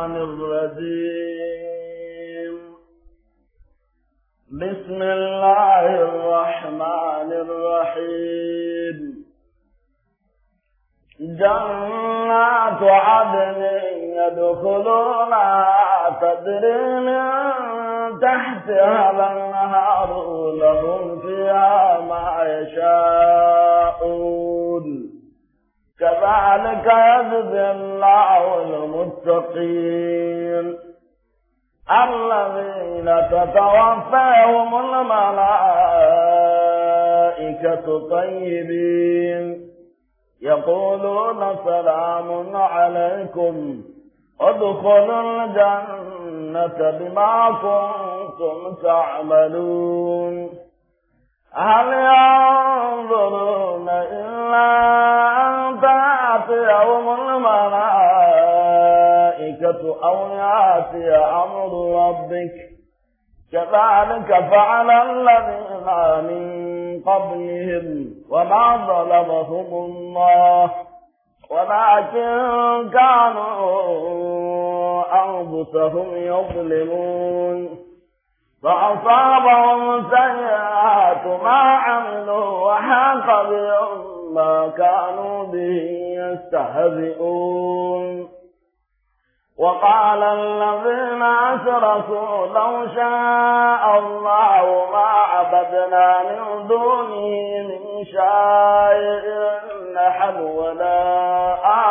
الشيطان الرجيم بسم الله الرحمن الرحيم جنات عدن يدخلونها تدري من تحتها الانهار لهم فيها ما يشاءون كذلك يجزي الله المتقين الذين تتوفاهم الملائكة طيبين يقولون سلام عليكم ادخلوا الجنة بما كنتم تعملون هل ينظرون إلا أن تأتيهم الملائكة أو يأتي أمر ربك كذلك فعل الذين من قبلهم وما ظلمهم الله ولكن كانوا أنفسهم يظلمون فأصابهم سيئات ما عملوا وحاق بهم ما كانوا به يستهزئون وقال الذين أشركوا لو شاء الله ما عبدنا من دونه من شيء نحن ولا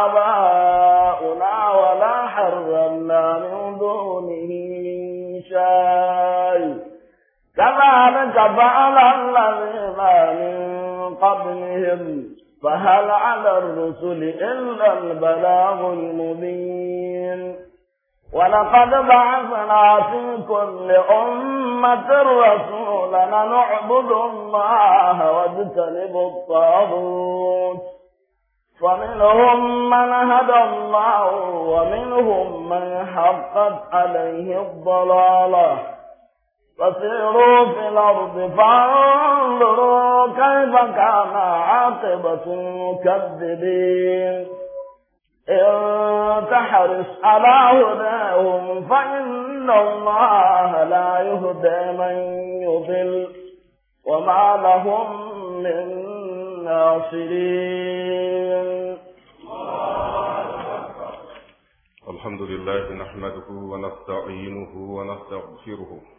آباؤنا ولا حرمنا من دونه شيء كذلك فعل الذين من قبلهم فهل على الرسل إلا البلاغ المبين ولقد بعثنا في كل أمة رسولا نعبد الله واجتنب الطاغوت فمنهم من هدى الله ومنهم من حقت عليه الضلاله فسيروا في الأرض فانظروا كيف كان عاقبة المكذبين إن تحرص على هداهم فإن الله لا يهدي من يضل وما لهم من ناصرين الحمد لله نحمده ونستعينه ونستغفره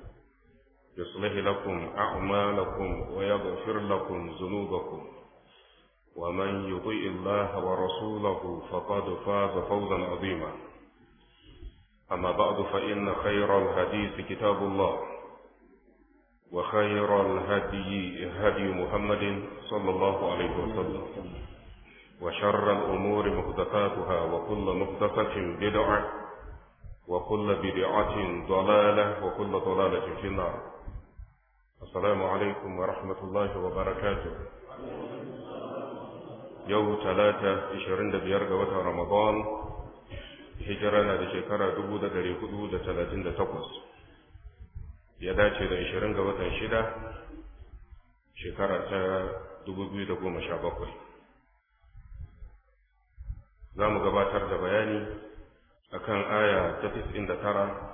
يصلح لكم أعمالكم ويغفر لكم ذنوبكم ومن يطيء الله ورسوله فقد فاز فوزا عظيما أما بعد فإن خير الحديث كتاب الله وخير الهدي هدي محمد صلى الله عليه وسلم وشر الأمور محدثاتها وكل محدثة بدعة وكل بدعة ضلالة وكل ضلالة في النار Assalamu alaikum wa rahmatullahi wa barakatuh. Yau talata 25 ga watan Ramadan, hijira na da shekara 438, ya dace da 20 ga watan shida, shekara ta 2017. Za mu gabatar da bayani akan aya ta 99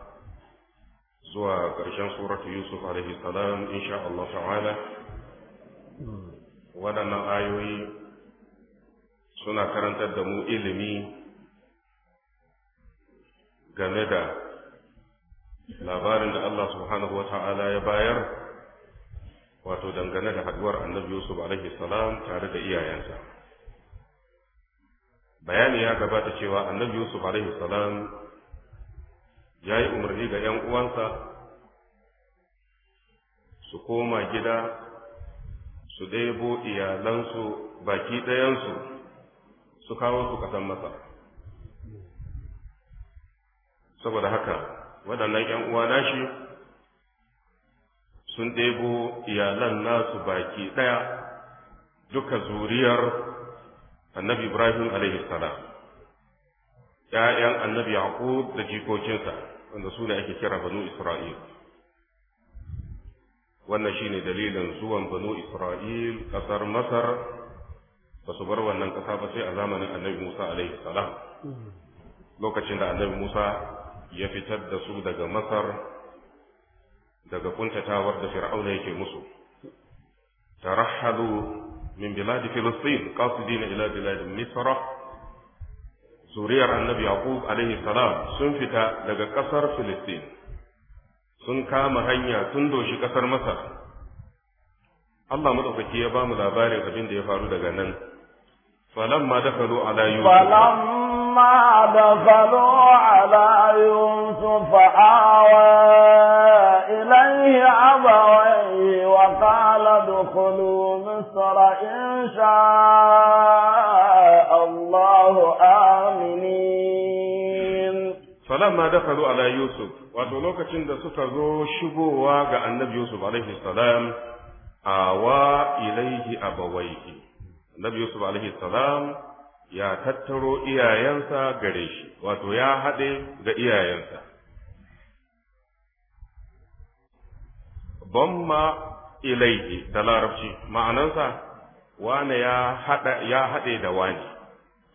zuwa ƙarshen suratu yusuf alaihi salam insha Allah ta'ala waɗannan ayoyi suna karantar da mu ilimi game da labarin da Allah subhanahu wa ta'ala ya bayar wato dangane da haduwar annabi yusuf alaihi salam tare da iyayensa bayani ya gabata cewa annabi yusuf alaihi salam ya yi umarni ga ‘yan uwansa su koma gida su ɗebo iyalansu baki ɗayansu su kawo su kasan masa saboda haka waɗannan ‘yan uwa nashi sun ɗebo iyalan nasu baki ɗaya duka zuriyar annabi ibrahim alaihi salam ‘ya'yan annabi Yaqub da jikokinsa, wanda su ne ake kira banu Isra'il. Wannan shi ne dalilin zuwan banu Isra'il ƙasar Masar, ba su bar wannan ƙasa ba sai a zamanin annabi Musa alaihi salam. Lokacin da annabi Musa ya fitar da su daga Masar, daga kuntatawar da Fir'auna yake musu. Tarahalu min biladi Filistin, qasidina ila biladi Misra, zuriyar annabi yaqub alaihi salam sun fita daga ƙasar filistin sun kama hanya sun doshi ƙasar masar Allah madaukaki ya ba mu labarin abin da ya faru daga nan falamma dakalu ala yusuf falamma dakalu ala yusuf awa ilayhi abawayhi wa qala dukhulu misra in sha'a falamma dakhalu ala yusuf wato lokacin da suka zo shigowa ga annabi yusuf alaihi salam awa ilaihi abawaihi annabi yusuf alaihi salam ya tattaro iyayensa gare shi wato ya haɗe ga iyayensa bamma ilaihi da larabci ma'anansa wane ya haɗe da wani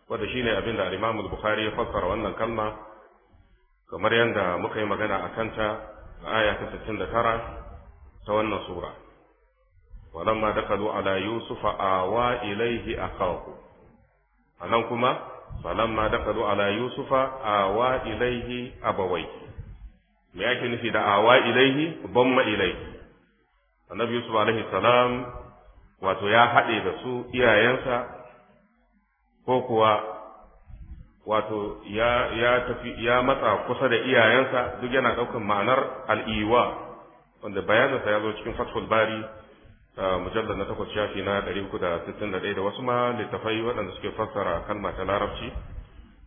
wanda shine abin da al-Imam al-Bukhari ya fassara wannan kalma kamar yadda muka yi magana a kanta a aya ta tara ta wannan sura walamma dakalu ala yusufa awa ilaihi akahu anan kuma falamma dakalu ala yusufa awa ilaihi abawai me yake nufi da awa ilaihi bamma ilaihi annabi yusuf alaihi salam wato ya haɗe da su iyayensa ko kuwa wato ya ya tafi ya matsa kusa da iyayensa duk yana daukan ma'anar al'iwa wanda bayaninsa ya zo cikin fathul bari mujallar na takwas shafi na ɗari uku da sittin da ɗaya da wasu ma littafai waɗanda suke fassara kalma ta larabci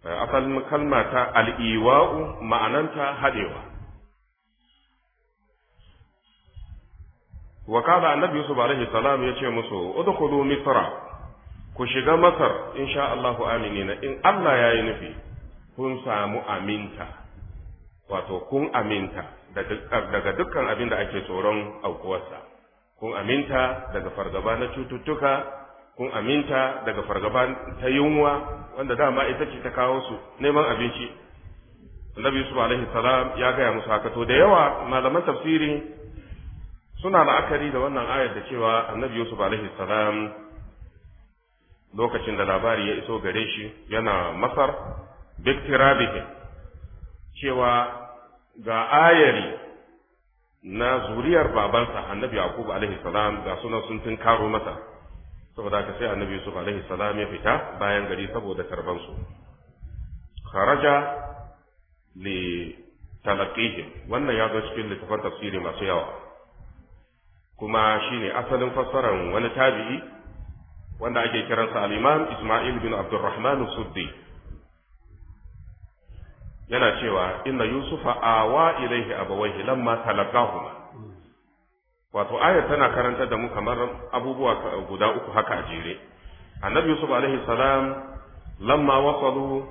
asalin kalma ta al'iwa'u ma'ananta haɗewa wa kada annabi yusuf alaihi salam ya ce musu udkhulu misra ku shiga masar insha Allahu aminina in Allah ya yi nufi kun samu aminta wato kun aminta daga dukkan abin da ake tsoron aukuwarsa kun aminta daga fargaba na cututtuka kun aminta daga fargaba ta yunwa wanda dama ita ce ta kawo su neman abinci annabi yusuf alaihi salam ya gaya musu haka to da yawa malaman tafsiri suna la'akari da wannan ayar da cewa annabi yusuf alaihi salam lokacin da labari ya iso gare shi yana masar biktirabihim cewa ga ayari na zuriyar babansa annabi yaqub alaihi salam ga sunan sun tun karo masa saboda ka sai annabi yusuf alaihi salam ya fita bayan gari saboda karban su kharaja li talaqihim wannan ya zo cikin littafin tafsiri masu yawa kuma shine asalin fassarar wani tabi'i wanda ake kiransa al-imam Isma'il bin Abdurrahman Suddi yana cewa inna yusufa awa ilaihi abawaihi lamma talaqahuma wato ayar tana karanta da mu kamar abubuwa guda uku haka a jere annabi yusuf alaihi salam lamma wasalu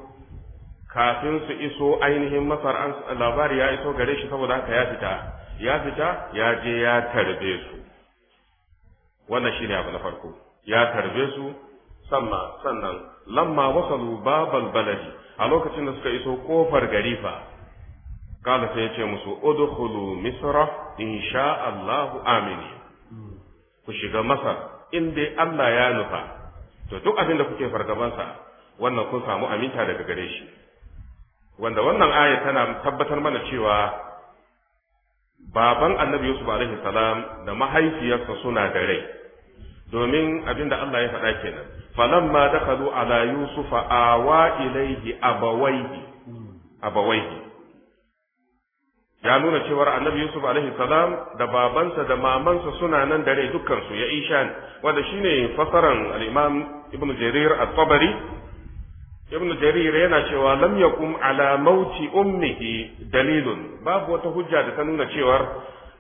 kafin su iso ainihin masar an labari ya iso gare shi saboda haka ya fita ya fita ya je ya tarbe su wannan shine abu na farko ya tarbe su sannan sannan lamma wasalu babal baladi a lokacin da suka iso kofar gari fa kala sai ya ce musu udkhulu misra insha Allah amini ku shiga masar in dai Allah ya nufa to duk abin da kuke fargabansa wannan kun samu aminta daga gare shi wanda wannan aya tana tabbatar mana cewa baban annabi Yusuf alaihi salam da mahaifiyarsa suna da rai domin abinda Allah ya faɗa kenan falamma dakhalu ala yusufa awa ilayhi abawayhi abawayhi ya nuna cewar annabi yusuf alaihi salam da babansa da mamansa suna nan da rai dukkansu ya ishan wanda shine fasaran al-imam ibnu jarir at-tabari ibnu jarir yana cewa lam yakum ala mauti ummihi dalilun babu wata hujja da ta nuna cewar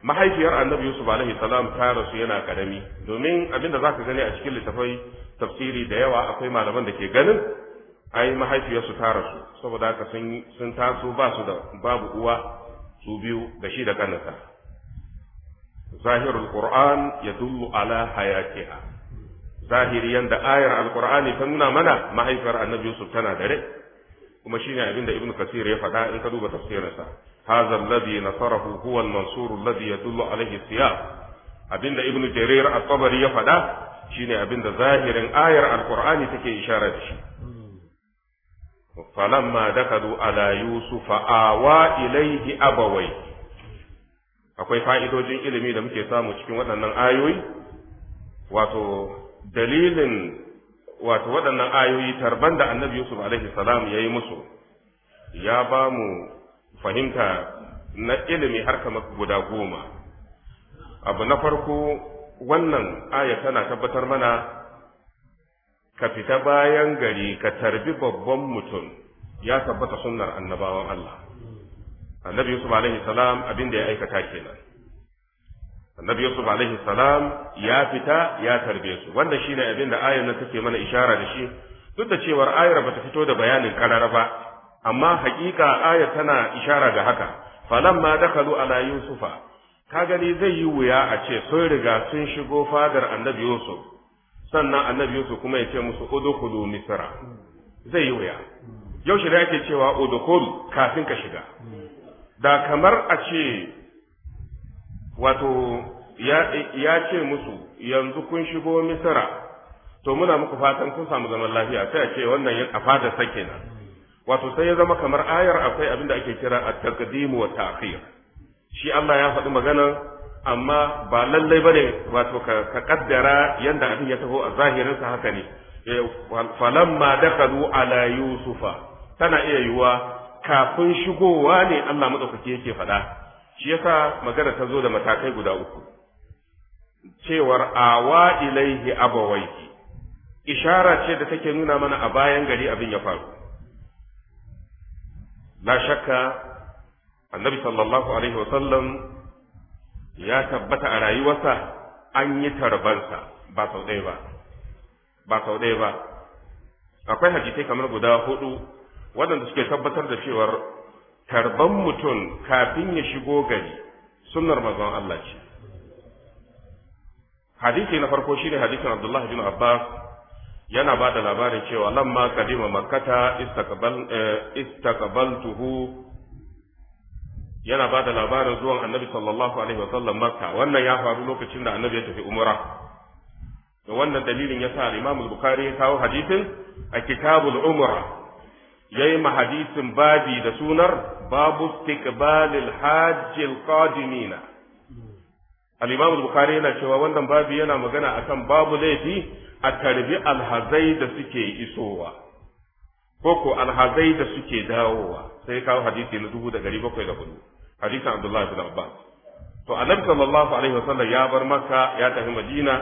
mahaifiyar annabi yusuf alaihi salam ta rasu yana karami domin abin da ka gani a cikin littafai tafsiri da yawa akwai malaman da ke ganin ai mahaifiyarsu ta rasu saboda haka sun taso ba su da babu uwa su biyu da shi da kanta zahirul qur'an yadullu ala hayatiha zahiri yanda ayar alqur'ani ta nuna mana mahaifiyar annabi yusuf tana da rai kuma shine abin da ibnu kasir ya faɗa in ka duba tafsirinsa هذا الذي نصره هو المنصور الذي يدل عليه السياق abinda ibnu jarir at-tabari ya faɗa shine abinda zahirin ayar alqur'ani take isharar da shi falamma dakadu ala yusufa awa ilaihi abawai akwai fa'idojin ilimi da muke samu cikin waɗannan ayoyi wato dalilin wato waɗannan ayoyi tarban da annabi yusuf alaihi salam ya yi musu ya ba mu fahimta na ilimi har kamar guda goma abu na farko wannan aya tana tabbatar mana ka fita bayan gari ka tarbi babban mutum ya tabbata sunnar annabawan Allah annabi Yusuf alaihi salam abin da ya aikata kenan annabi Yusuf alaihi salam ya fita ya tarbe su wanda shine abin da ayar nan take mana ishara da shi duk da cewar ayar bata fito da bayanin karara ba amma haƙiƙa aya tana ishara ga haka ma dakalu ala yusufa ka gani zai yi wuya a ce sun riga sun shigo fadar annabi yusuf sannan annabi yusuf kuma ya ce musu udkhulu misra zai yi wuya Yau shi da yake cewa udkhulu kafin ka shiga da kamar a ce wato ya ce musu yanzu kun shigo misra to muna muku fatan kun samu zaman lafiya sai a ce wannan a fadar sa kenan wato sai ya zama kamar ayar akwai abin da ake kira a taqdim wa ta'khir shi Allah ya faɗi magana amma ba lallai bane wato ka kaddara yanda abin ya taho a zahirin sa haka ne eh, falamma dakalu ala yusufa tana iya yiwa kafin shigowa ne Allah madaukake yake faɗa shi yasa magana ta zo da matakai guda uku cewar awa ilaihi abawaihi ishara ce da take nuna mana a bayan gari abin ya faru la shakka annabi sallallahu alaihi sallam ya tabbata a rayuwarsa an yi tarbansa ba sau ɗaya ba ba sau ɗaya ba akwai hadisai kamar guda hudu waɗanda suke tabbatar da cewar tarban mutum kafin ya shigo gari sunnar mazan Allah ce hadisi na farko shine hadisi Abdullah bin Abbas yana ba da labarin cewa lamma kadima makkata istaqbaltuhu eh, yana ba da labarin zuwan annabi sallallahu alaihi wa sallam makka wannan ya faru lokacin da annabi ya tafi umra da wannan dalilin ya sa imam bukari bukhari ya kawo hadisin a kitabul umra ya yi hadisin babi da sunar babu istiqbalil hajjil qadimina al-imam al-bukhari yana cewa wannan babi yana magana akan babu laifi a tarbi alhazai da suke isowa ko ko alhazai da suke dawowa sai kawo hadisi na dubu da gari bakwai da hudu hadisin abdullahi bin abbas to annabi sallallahu alaihi wasallam ya bar makka ya tafi madina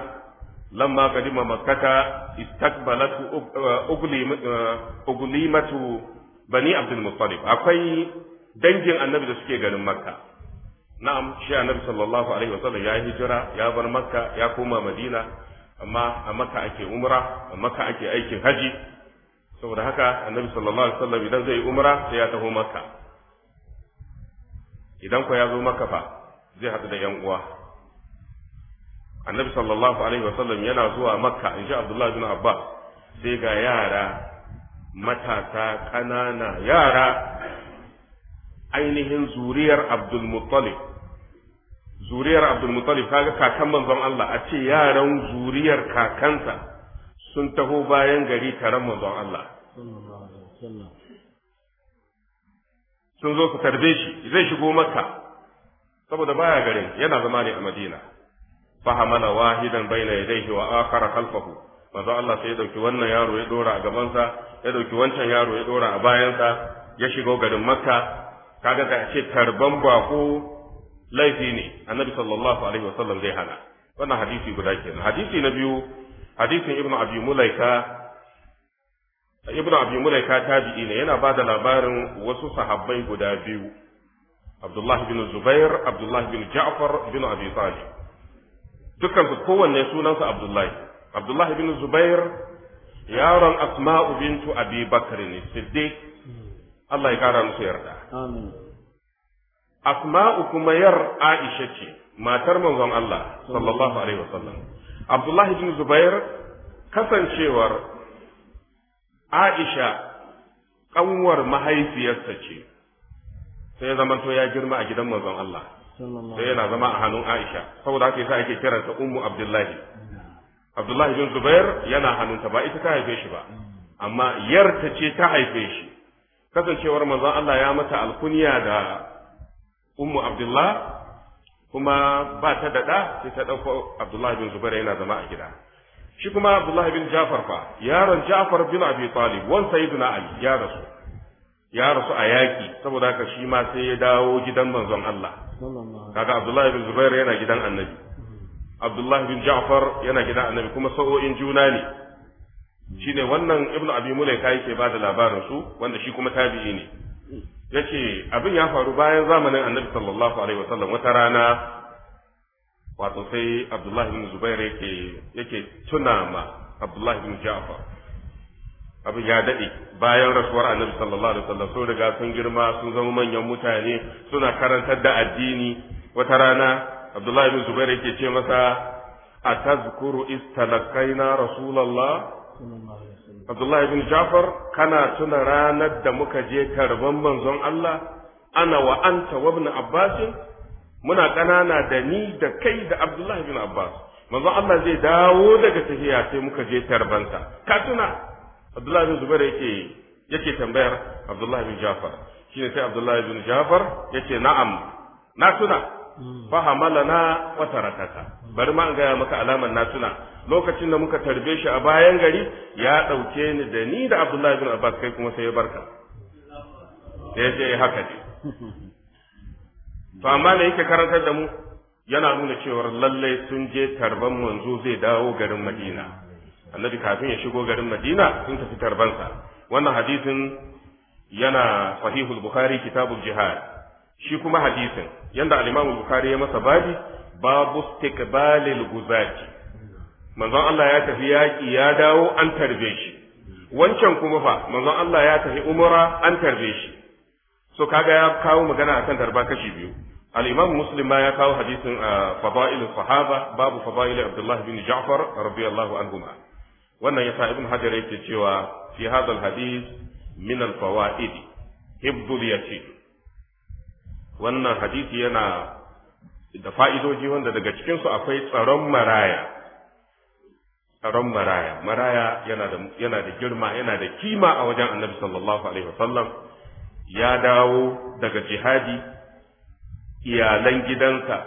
lamma kadima makkata istakbalat eh, eh, uglimatu bani abdul muttalib akwai dangin annabi da suke garin makka na'am shi annabi sallallahu alaihi wasallam ya hijira ya bar makka ya koma madina amma a maka ake umra a maka ake aikin haji saboda haka annabi sallallahu alaihi wasallam idan zai umra sai ya taho maka idan ko ya zo maka fa zai haɗu da yan uwa annabi sallallahu alaihi wasallam yana zuwa maka in ji abdullahi bin abba sai ga yara matasa ƙanana yara ainihin zuriyar abdul muttalib zuriyar abdulmutalib kaga kakan manzon Allah a ce yaran zuriyar kakansa sun taho bayan gari taron manzon Allah sun zo su tarbe shi zai shigo makka saboda baya garin yana zama ne a madina fahamala wahidan baina yadayhi wa akhara khalfahu manzo Allah sai ya dauki wannan yaro ya dora a gaban sa ya dauki wancan yaro ya dora a bayan sa ya shigo garin makka kaga da ce tarban bako laifi ne annabi sallallahu alaihi wasallam zai hana wannan hadisi guda kenan hadisi na biyu hadisin ibnu abi mulaika ibnu abi mulaika tabi'i ne yana ba da labarin wasu sahabbai guda biyu abdullah bin zubair abdullah bin ja'far bin abi talib dukkan su kowanne sunansa abdullah abdullah bin zubair yaron asma'u bintu abi bakr ne siddiq Allah ya kara musu yarda amin asma'u kuma yar aisha ce matar manzon Allah sallallahu alaihi wa sallam. Abdullah bin Zubair kasancewar Aisha kanwar mahaifiyarsa ce sai ya zamanto ya girma a gidan manzon Allah sai yana zama a hannun Aisha saboda haka yasa ake kiranta ummu Abdullahi Abdullahi bin Zubair yana hannunta ba ita ta haife shi ba amma yarta ce ta haife shi kasancewar manzon Allah ya mata alkunya da ummu abdullah kuma ba ta daɗa sai ta ɗauko abdullahi bin zubair yana zama a gida shi kuma abdullahi bin jafar fa yaron jafar bin abi talib wan sayyiduna ali ya rasu ya rasu a yaƙi saboda haka shi ma sai ya dawo gidan manzon Allah kaga abdullahi bin zubair yana gidan annabi abdullahi bin jafar yana gidan annabi kuma sa'o'in juna ne ne wannan ibnu abi mulaika yake ba da labarin su wanda shi kuma tabi'i ne yace abin ya faru bayan zamanin annabi sallallahu alaihi wa sallam wata rana wato sai abdullahi bin zubair yake yake tuna ma abdullahi bin ja'far abin ya dade bayan rasuwar annabi sallallahu alaihi wa sallam sun riga sun girma sun zama manyan mutane suna karantar da addini wata rana abdullahi bin zubair yake ce masa atazkuru istalakaina rasulullah sallallahu Abdullahi bin Jafar kana tuna ranar da muka je karban manzon Allah ana wa anta wa ibn Abbas muna ƙanana da ni da kai da Abdullahi bin Abbas manzon Allah zai dawo daga tafiya sai muka je tarbanta ka tuna Abdullahi bin Zubair yake yake tambayar Abdullahi bin Jafar shine sai Abdullahi bin Jafar yake na'am na tuna Mm. fahamalana na wa tarakaka bari ma an gaya maka alamar natuna lokacin da muka tarbe shi a bayan gari ya ɗauke ni da ni da Abdullahi bin Abbas kai kuma sai ya barka ya je eh, haka ne to amma da yake karantar da mu yana nuna cewar lallai sun je tarban manzo zai dawo garin Madina annabi kafin ya shigo garin Madina sun tafi tarbansa wannan hadisin yana sahihul bukhari kitabul jihad shi kuma hadisin yanda al-Imam Bukhari ya masa babi babu istiqbalil guzati manzon Allah ya tafi yaƙi ya dawo an tarbe shi wancan kuma fa manzon Allah ya tafi umura an tarbe shi so kaga ya kawo magana akan tarba kashi biyu al-Imam Muslim ma ya kawo hadisin ah, fadailus sahaba babu fadail Abdullah bin Ja'far radiyallahu anhuma wannan yasa Ibn Hajar yake cewa fi hadal hadis hadith min al-fawaid hibdul yatim wannan hadisi yana da fa'idoji wanda daga cikinsu akwai tsaron maraya tsaron maraya maraya yana da girma yana da kima a wajen annabi sallallahu alaihi wasallam ya dawo daga jihadi iyalan gidansa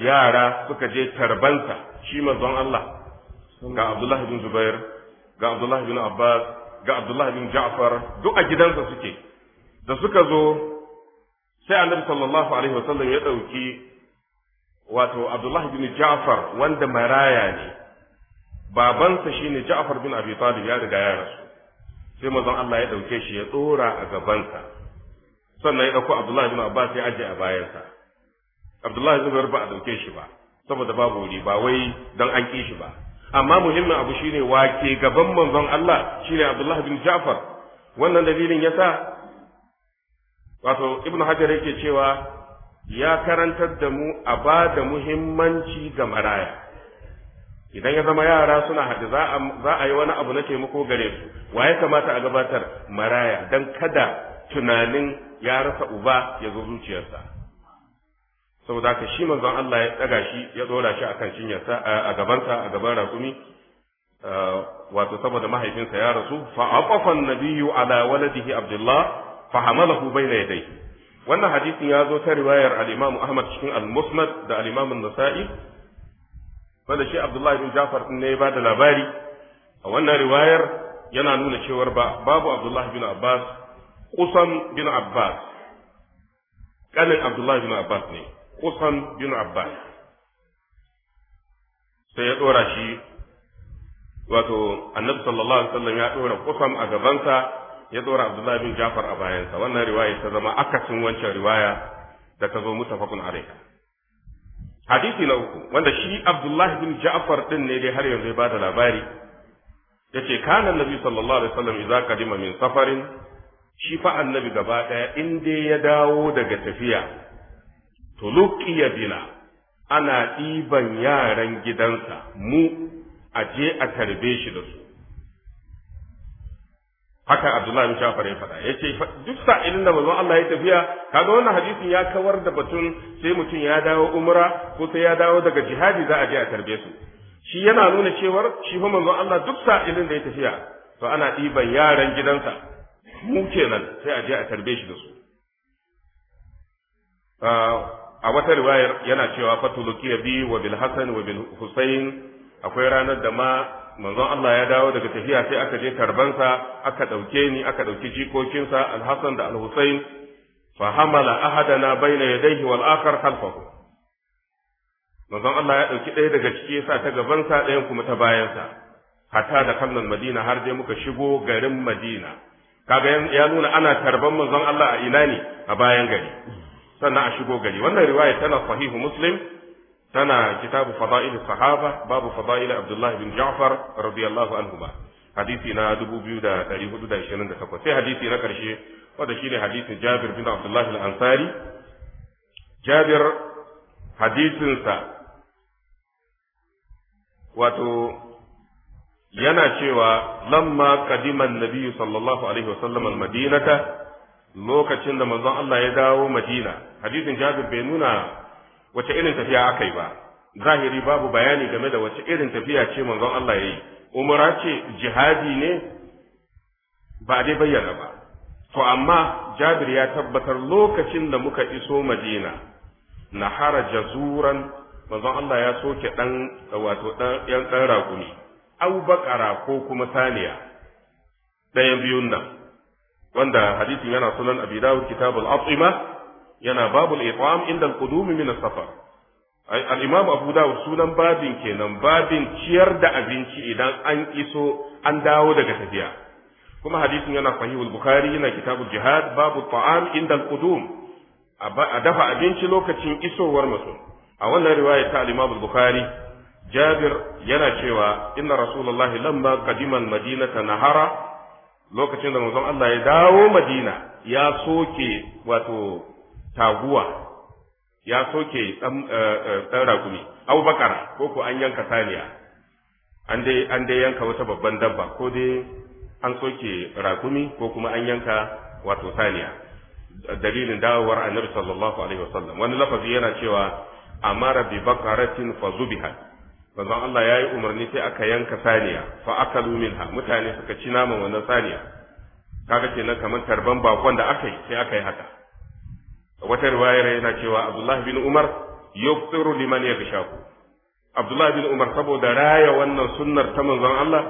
yara suka je tarbansa shi manzon Allah ga Abdullahi bin Zubair ga Abdullahi bin Abbas ga Abdullahi bin Ja'far duk a gidansa suke da suka zo sai annabi sallallahu alaihi wasallam ya ɗauki wato abdullah bin ja'far wanda maraya ne babansa shine ja'far bin abi talib ya riga ya rasu sai manzon Allah ya ɗauke shi ya ɗora a gabansa sannan ya ɗauko abdullah bin abbas ya aje a bayansa abdullah bin ba a ɗauke shi ba saboda babu wuri ba wai dan an ƙi shi ba amma muhimmin abu shine wake gaban manzon Allah shine abdullah bin ja'far wannan dalilin yasa wato ibnu hajar yake cewa ya karantar da mu a ba da muhimmanci ga maraya idan ya zama yara suna haɗe za a yi wani abu na taimako gare su wa ya kamata a gabatar maraya don kada tunanin ya rasa uba ya zo zuciyarsa saboda haka shi manzon Allah ya ɗaga shi ya ɗora shi akan cinyarsa a gabansa a gaban rasumi uh, wato saboda mahaifinsa ya rasu fa aqafa an-nabiyyu ala waladihi abdullah fa hamalahu bayna yadayhi wannan hadisin ya zo ta riwayar al-Imam Ahmad cikin al-Musnad da al-Imam An-Nasa'i wanda shi Abdullah bin Ja'far din ne ya bada labari a wannan riwayar yana nuna cewar ba babu Abdullah bin Abbas Qusan bin Abbas kanin Abdullah bin Abbas ne Qusan bin Abbas sai ya dora shi wato annabi sallallahu alaihi wasallam ya dora Qusan a gabansa ya dora abdullahi bin jafar a bayansa wannan riwaya ta zama akasin wancan riwaya da ta zo mutafakun alaiha hadisi na uku wanda shi abdullahi bin ja'far din ne dai har yanzu ya da labari yace kana nabi sallallahu alaihi wasallam idza kadima min safarin shi fa annabi gaba daya in dai ya dawo daga tafiya to luqiya bina ana ɗiban yaran gidansa mu a je a tarbe shi da su haka Abdullahi bin Jafar ya faɗa yace duk sa'ilin da manzon Allah ya tafiya kaga wannan hadisin ya kawar da batun sai mutum ya dawo umra ko sai ya dawo daga jihadi za a je a tarbe su shi yana nuna cewar shi fa manzon Allah duk sa'ilin da ya tafiya to ana ɗiban yaran gidansa mu kenan sai a je a tarbe shi da su a wata riwayar yana cewa fatulukiya bi wa bil hasan wa bil husayn akwai ranar da ma manzon Allah ya dawo daga tafiya sai aka je tarbansa aka ɗauke ni aka ɗauki jikokinsa alhassan da alhussein fa hamala ahadana baina yadayhi wal akhar khalfahu manzon Allah ya ɗauki ɗaya daga ciki ya sa ta gabansa ɗayan kuma ta bayansa hatta da kallon madina har dai muka shigo garin madina kaga ya nuna ana tarban manzon Allah a ina ne a bayan gari sannan a shigo gari wannan riwaya tana sahihu muslim tana kitabu fada'il sahaba babu fada'il abdullahi bin ja'far radiyallahu anhuma hadisi na 2428 sai hadisi na karshe wanda shine hadisin Jabir bin Abdullahi al-Ansari Jabir hadisinsa wato yana cewa lamma qadiman nabiyyu sallallahu alaihi wasallam al-madinata lokacin da manzon Allah ya dawo Madina hadisin Jabir bai nuna wace irin tafiya aka yi ba zahiri babu bayani game da wace irin tafiya ce manzon Allah ya yi umra ce jihadi ne ba dai bayyana ba to amma jabir ya tabbatar lokacin da muka iso madina na haraja zuran manzon Allah ya soke dan wato dan yan dan raguni au ko kuma saniya ɗayan biyun nan wanda hadisin yana sunan abi dawud kitabul atima yana babul it'am inda al-qudumi min safar al-imam abu dawud sunan babin kenan babin ciyar da abinci idan an iso an dawo daga tafiya kuma hadisin yana sahih al-bukhari yana kitabul jihad babu ta'am inda qudum a dafa abinci lokacin isowar mutum a wannan riwaya ta al-imam al-bukhari jabir yana cewa inna rasulullahi lamma qadima al-madinata nahara lokacin da manzon Allah ya dawo Madina ya soke wato taguwa ya soke ɗan eh, eh, ragumi Abubakar, ko ko an yanka saniya an dai an dai yanka wata babban dabba ko dai an soke ragumi ko kuma an yanka wato saniya dalilin dawowar annabi sallallahu alaihi wasallam wani lafazi yana cewa amara bi bakaratin fa zubiha allah Allah yi umarni sai aka yanka saniya fa akalu minha mutane suka ci naman wannan saniya kaga kenan kamar tarban bakon da aka yi sai aka yi haka wata riwayar yana cewa Abdullah bin Umar yuftiru liman yaghshaku Abdullah bin Umar saboda raya wannan sunnar ta manzon Allah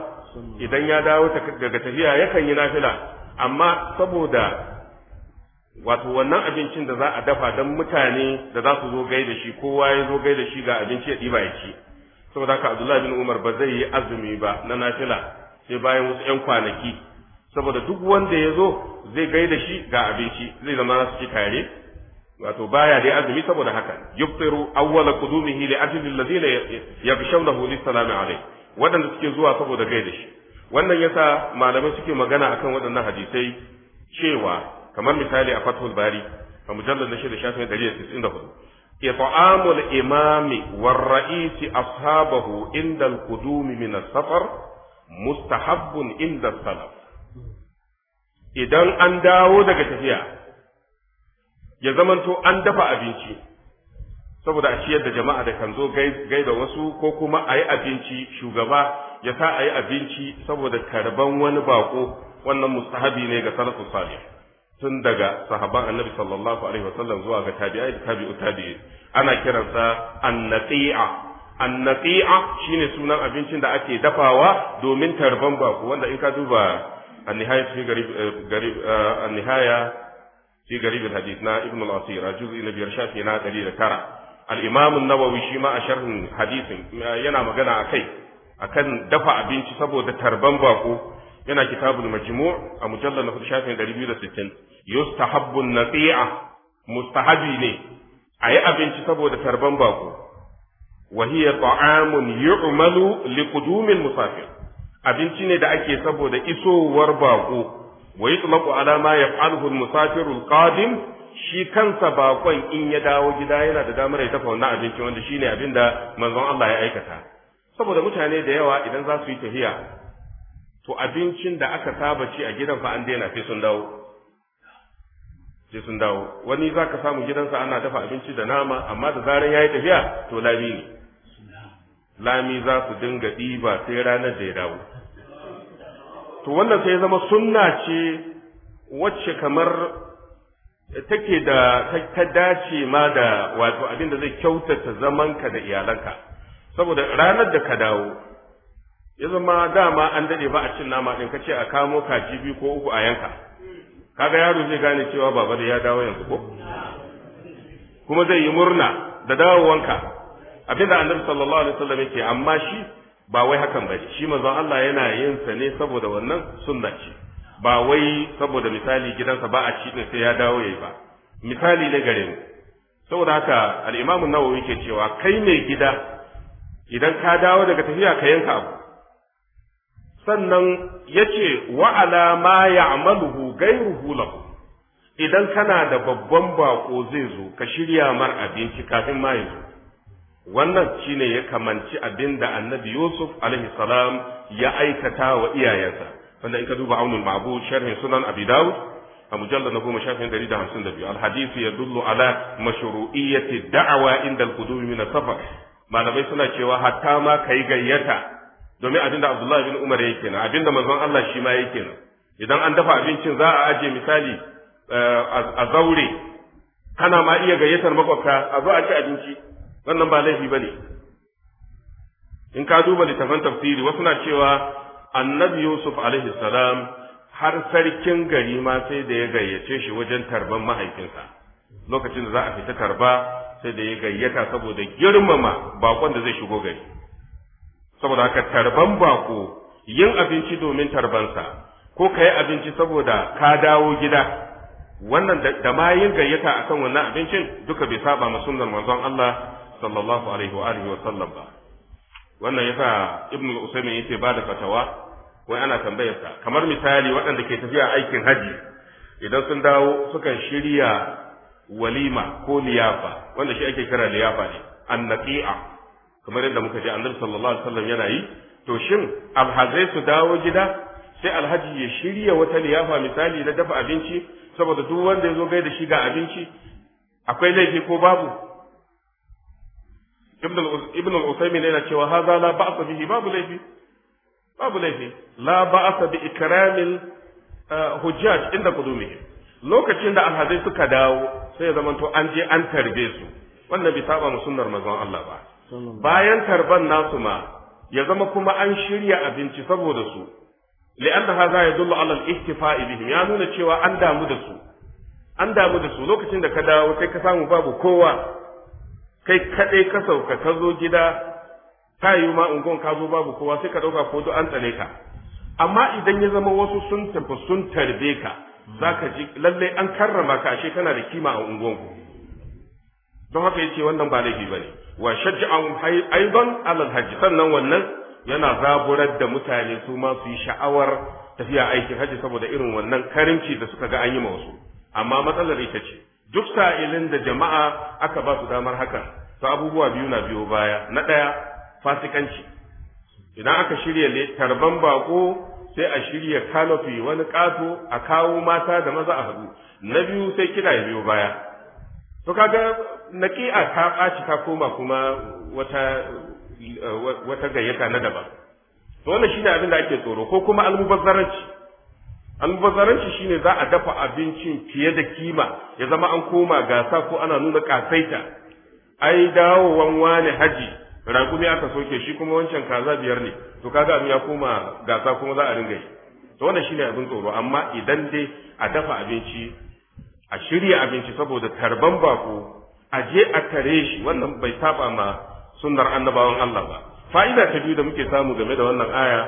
idan ya dawo daga tafiya yakan yi nafila amma saboda wato wannan abincin da za a dafa don mutane da za su zo gai da shi kowa ya zo gai da shi ga abinci ya diba ya ci saboda haka Abdullah bin Umar ba zai yi azumi ba na nafila sai bayan wasu ƴan kwanaki saboda duk wanda ya zo zai gai da shi ga abinci zai zama su ci tare wato baya dai azumi saboda haka yuftiru awwala qudumihi li ajli alladhina yaghshawnahu li salami alayhi wadanda suke zuwa saboda gaida shi wannan yasa malamai suke magana akan waɗannan hadisai cewa kamar misali a fathul bari a mujallar na shida shafin ɗari da tisin da hudu ita'amul imami war ra'isi ashabahu inda al-qudumi min as-safar mustahabbun inda salaf idan an dawo daga tafiya ya zamanto an dafa abinci saboda a ciyar da jama'a da kan zo gaida wasu ko kuma a yi abinci shugaba ya sa a yi abinci saboda karban wani bako wannan mustahabi ne ga salafu salih tun daga sahaban annabi sallallahu alaihi wa sallam zuwa ga tabi'i da tabi'u tabi'i ana kiransa annati'a annati'a shine sunan abincin da ake dafawa domin tarban bako wanda in ka duba annihaya fi garib eh, eh, annihaya fi garibin hadith na ibn a na biyar shafi na ɗari da tara al-imam an-nawawi a sharhin hadisin yana magana a kai akan dafa abinci saboda tarban bako yana kitabun majmu' a mujallar na shafin 260 yustahabbu an-nasi'a mustahabi ne ayi abinci saboda tarban bako wa hiya ta'amun yu'malu liqudumil musafir abinci ne da ake saboda isowar baƙo. wa yutlaqu ala ma yaf'aluhu al-musafiru al-qadim shi kansa bakon in ya dawo gida yana da damar ya tafa wannan abinci wanda shine abin da manzon Allah ya aikata saboda mutane da yawa idan za su yi tafiya to abincin da aka saba ci a gidan fa an daina sai sun dawo sai sun dawo wani za ka samu gidansa ana dafa abinci da nama amma da zarar ya yi tafiya to lami ne lami za su dinga ɗiba sai ranar da ya dawo to wannan sai ya zama sunna ce wacce kamar take da ta dace ma da wato abin da zai kyautata zamanka da iyalanka saboda ranar da ka dawo ya zama dama an dade ba a cin nama din ka ce a kamo kaji biyu ko uku a yanka kaga yaro zai gane cewa baba da ya dawo yanzu ko kuma zai yi murna da dawowanka abinda annabi sallallahu alaihi wasallam yake amma shi ba wai hakan ba shi manzon Allah yana yin sa ne saboda wannan sunna ce ba wai saboda misali gidansa ba a ci sai ya dawo yayi ba misali ne gare mu saboda haka al-Imam an-Nawawi ke cewa kai ne gida idan ka dawo daga tafiya ka yanka abu sannan yace wa ala ma ya'maluhu ghayruhu lahu idan kana da babban bako zai zo ka shirya mar abinci kafin ma ya zo wannan shine ya kamanci abin da annabi yusuf alaihi salam ya aikata wa iyayensa wanda in ka duba aunul mabu, sharhin sunan abi dawud a mujallar na goma shafin dari da hamsin da biyu alhadisu ya dullu ala mashru'iyyati da'awa inda al-qudumi min safar malamai suna cewa hatta ma kai gayyata domin abin da abdullahi bin umar yake nan abin da manzon Allah shi ma yake nan idan an dafa abincin za a aje misali eh, a zaure kana ma iya gayyatar makwabta a zo a ci abinci wannan ba laifi bane in ka duba littafan tafsiri wasu na cewa annabi yusuf alaihi salam har sarkin gari ma sai da ya gayyace shi wajen tarban mahaifinsa lokacin da za a fita tarba sai da ya gayyata saboda girmama bakon da zai shigo gari saboda haka tarban bako yin abinci domin tarbansa ko ka yi abinci saboda ka dawo gida wannan da ma yin gayyata akan wannan abincin duka bai saba ma sunnar manzon Allah sallallahu alaihi wa alihi wa sallam ba wannan yasa ibnu usaymin yake ba da fatawa wai ana sa kamar misali waɗanda ke tafiya aikin haji idan sun dawo sukan shirya walima ko liyafa wanda shi ake kira liyafa ne annaqi'a kamar yadda muka ji annabi sallallahu alaihi wasallam yana yi to shin alhazai su dawo gida sai alhaji ya shirya wata liyafa misali na dafa abinci saboda duk wanda ya zo gaida shi ga abinci akwai laifi ko babu ibn al-usaymin yana cewa haza la ba'sa bihi babu laifi babu laifi la ba'sa bi ikramil eh, hujjaj inda qudumihim lokacin da alhazai suka dawo sai ya zamanto an je an tarbe su wannan bai saba mu sunnar manzon Allah ba bayan tarban nasu ma ya zama kuma an shirya abinci saboda su li'anna hadha yadullu ala al-ihtifa'i bihim ya nuna cewa an damu da su an damu da su lokacin da ka dawo sai ka samu babu kowa kai kaɗai ka sauka ka zo gida ka yi ma ungon ka zo babu kowa sai ka ɗauka ko an tsare ka amma idan ya zama wasu sun tafi sun tarbe ka za ka ji lallai an karrama ka ashe kana da kima a unguwanku don haka yace wannan ba laifi bane wa shajja'u aidan alal hajji sannan wannan yana zaburar da mutane su ma su yi sha'awar tafiya aikin hajji saboda irin wannan karimci da suka ga an yi ma wasu amma matsalar ita ce duk sa'ilin da jama'a aka ba su damar hakan to abubuwa biyu na biyo baya na ɗaya fasikanci idan aka shirya tarban bako sai a shirya kanofi wani ƙato a kawo mata da maza a haɗu na biyu sai kiɗa ya biyo baya to kaga naƙi'a ta ɓaci ta koma kuma wata wata gayyata na daban to wannan shine abin da ake tsoro ko kuma almubazzaranci almubazzaranci shine za a dafa abincin fiye da kima ya zama an koma gasa ko ana nuna ƙasaita ai dawowan wani haji raƙumi aka soke shi kuma wancan kaza biyar ne to kaga abin ya koma gasa kuma za a ringa yi to wannan shine abin tsoro amma idan dai a dafa abinci a shirya abinci saboda tarban bako a je a tare shi wannan bai saba ma sunnar annabawan Allah ba fa'ida ta biyu da muke samu game da wannan aya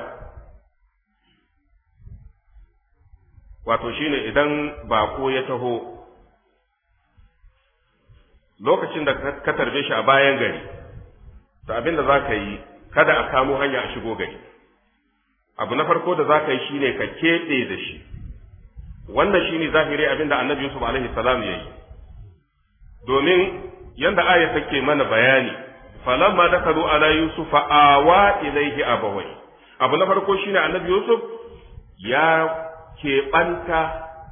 wato shine idan bako ya taho lokacin da ka tarbe shi a bayan gari to abin da za ka yi kada a kamo hanya a shigo gari abu na farko da za ka yi shine ka keɓe da shi wannan shine zahiri abin da annabi yusuf alaihi salam ya yi domin yanda aya take mana bayani falamma dakalu ala yusufa awa ilaihi abawai abu na farko shine annabi yusuf ya keɓanta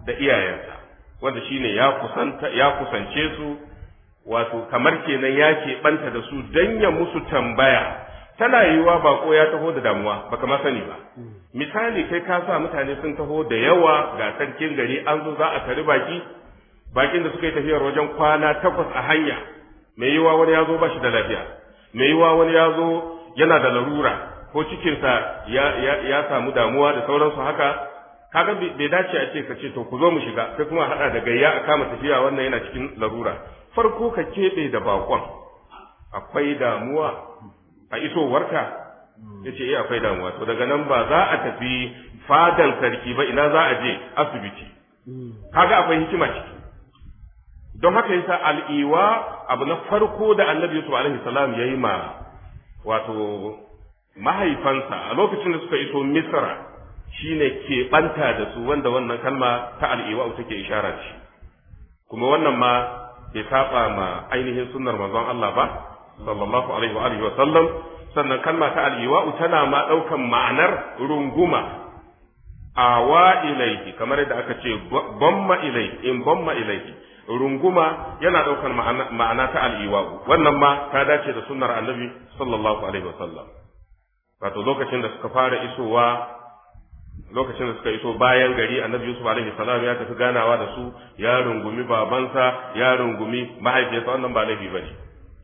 da iyayensa wanda shine ya ya kusance su wato kamar kenan ya keɓanta da su don ya musu tambaya tana yiwuwa bako ya taho da damuwa ba kama sani ba misali kai ka sa mutane sun taho da yawa ga sarkin gari an zo za a kari baki bakin da suka yi tafiyar wajen kwana takwas a hanya mai yiwuwa wani ya zo ba shi da lafiya mai yiwuwa wani ya zo yana da larura ko cikinsa ya, ya samu damuwa da sauransu haka kaga bai dace a ce ka ce to ku zo mu shiga sai kuma haɗa da gayya a kama tafiya wannan yana cikin larura farko ka keɓe da bakon akwai damuwa a isowarka ya ce iya eh, akwai damuwa to daga nan ba za a tafi fadan sarki ba ina za a je asibiti kaga akwai hikima ciki don haka yasa al'iwa abu na farko da annabi yusuf alaihi salam yayi ma wato mahaifansa a lokacin da suka iso misra shine ɓanta da su wanda wannan kalma ta al'iwa take isharar shi kuma wannan ma bai saba ma ainihin sunnar manzon Allah ba sallallahu alaihi wa alihi wa sallam sannan kalma ta al'iwau tana ma daukan ma'anar runguma awa ilaihi kamar yadda aka ce bamma ilaihi in bamma ilaihi runguma yana daukan ma'ana ta al'iwau wannan ma ta dace da sunnar annabi sallallahu alaihi wa sallam wato lokacin da suka fara isowa lokacin da suka iso bayan gari annabi yusuf alaihi salam ya tafi ganawa da su ya rungumi babansa ya rungumi mahaifiyarsa wannan ba laifi bane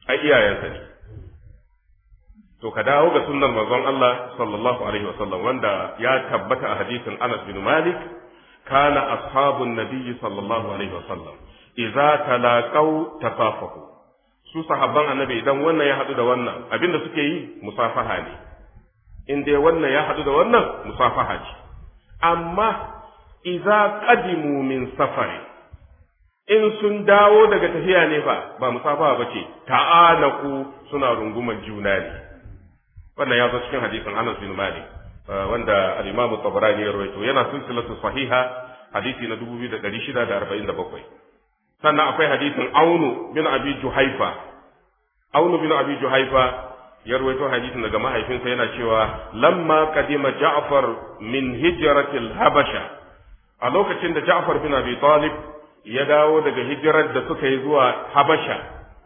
ai iyayensa ne to ka dawo ga sunnar manzon Allah sallallahu alaihi wasallam wanda ya tabbata a hadisin Anas bin Malik kana ashabun nabiyyi sallallahu alaihi wasallam idza talaqaw tasafahu su sahabban annabi idan wannan ya hadu da wannan abinda suke yi musafaha ne in dai wannan ya hadu da wannan musafaha ce amma iza qadimu min safari in sun dawo daga tafiya ne fa ba musafa ba ce ta'alaku suna rungumar juna ne wannan ya zo cikin hadisin Anas bin Malik uh, wanda al-Imam Tabarani ya rawaito yana silsilatu sahiha hadisi na 2647 sannan akwai hadisin Aunu bin Abi Juhaifa Aunu bin Abi Juhaifa ya ruwaito hadisin daga mahaifinsa yana cewa lamma kadima ja'far min hijratil habasha a lokacin da ja'far bin abi talib ya dawo daga hijirar da suka yi zuwa habasha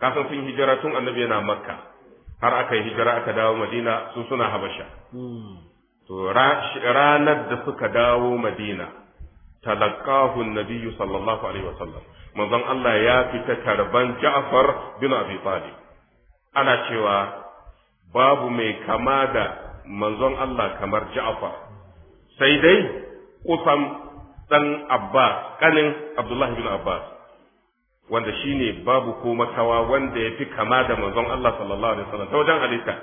kasan sun hijira tun annabi yana makka har aka yi hijira aka dawo madina su suna habasha hmm. to ranar da suka dawo madina talaqahu nabiyyu sallallahu alaihi wasallam manzon Allah ya fita karban Ja'far bin Abi Talib ana cewa babu mai kama da manzon Allah kamar Ja'far sai dai Usam dan Abbas kanin Abdullahi bin Abbas wanda shine babu ko makawa wanda yafi kama da manzon Allah sallallahu alaihi wasallam ta wajen halitta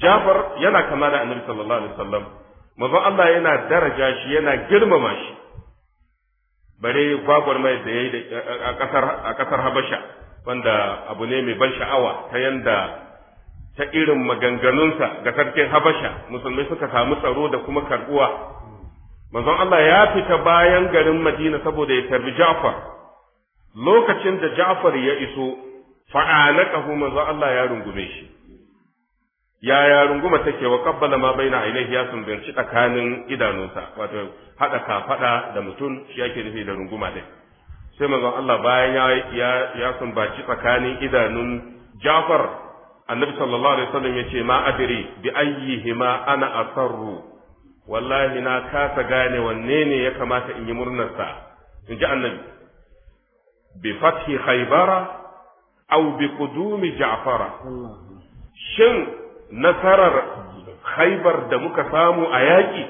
Ja'far yana kama da Annabi sallallahu alaihi wasallam manzon Allah yana daraja shi yana girmama shi bare Babu mai da yayi a kasar a kasar Habasha wanda abu ne mai ban sha'awa ta yanda ta irin maganganunsa ga sarkin Habasha musulmai suka samu tsaro da kuma karbuwa manzon Allah ya fita bayan garin Madina saboda ya tarbi Ja'far lokacin da Ja'far ya iso fa'alaqahu manzon Allah ya rungume shi ya ya runguma take wa qabbala ma baina ainihi ya sunbirci tsakanin idanunsa wato hada kafada da mutum shi yake nufi da runguma dai. sai manzon Allah bayan ya ya sunbaci tsakanin idanun Jafar annabi sallallahu alaihi wasallam yace ma adri bi ayyihima ana asarru wallahi na kasa gane wanne ne ya kamata in yi murnarsa. in ji annabi bi fathi khaybara aw bi qudumi ja'fara shin nasarar khaybar da muka samu a yaƙi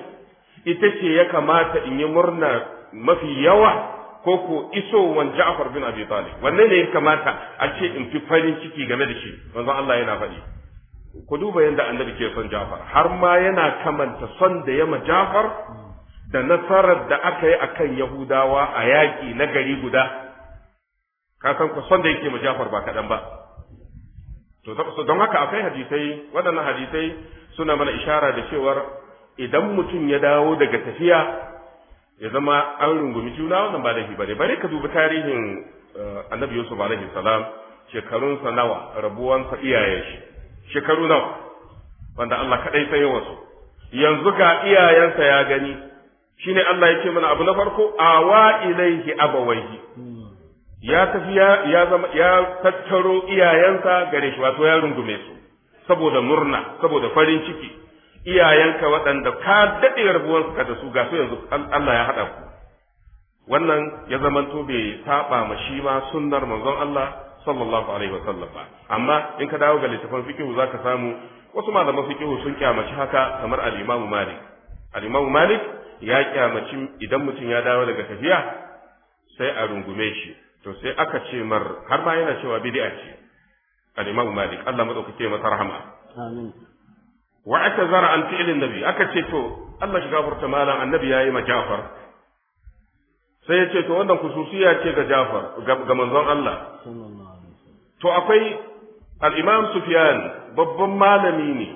ita ce ya kamata in yi murna mafi yawa ko ko isowan Ja'far bin Abi Talib wanne ne ya kamata a ce in fi farin ciki game da shi manzon Allah yana faɗi ku duba yanda annabi ke son Ja'far har ma yana kamanta son da yama Ja'far da nasarar da aka yi akan Yahudawa a yaƙi na gari guda ka san ku son da yake ma Ja'far ba kaɗan ba to don haka akwai hadisai waɗannan hadisai suna mana ishara da cewar idan mutum ya dawo daga tafiya ya zama an rungumi juna wannan ba laifi bane bare ka duba tarihin eh, annabi yusuf alaihi salam shekarunsa nawa sa iyaye shi shekaru nawa wanda Allah kadai sai wasu yanzu ga iyayensa ya gani shine Allah yake mana abu na farko awa ilaihi abawaihi ya tafi ya zama ya tattaro iyayensa gare shi wato ya rungume su saboda murna saboda farin ciki iyayenka waɗanda ka daɗe rabuwanka da su ga su yanzu Allah ya haɗa ku wannan ya zama to bai saba ma shi ma sunnar manzon Allah sallallahu alaihi wasallam ba amma in ka dawo ga littafin fiqhu zaka samu wasu malaman fiqhu sun kyamaci haka kamar al-Imam Malik al-Imam Malik ya kyamaci idan mutum ya dawo daga tafiya sai a rungume shi to sai aka ce mar har ma yana cewa bid'a ce al-Imam Malik Allah madaukake masa rahama amin wa aka zara an fi'ilin nabi aka ce to Allah shi gafarta malam annabi yayi ma Jafar sai ya ce to wannan kususiya ce ga Jafar ga manzon Allah to akwai al-Imam Sufyan babban malami ne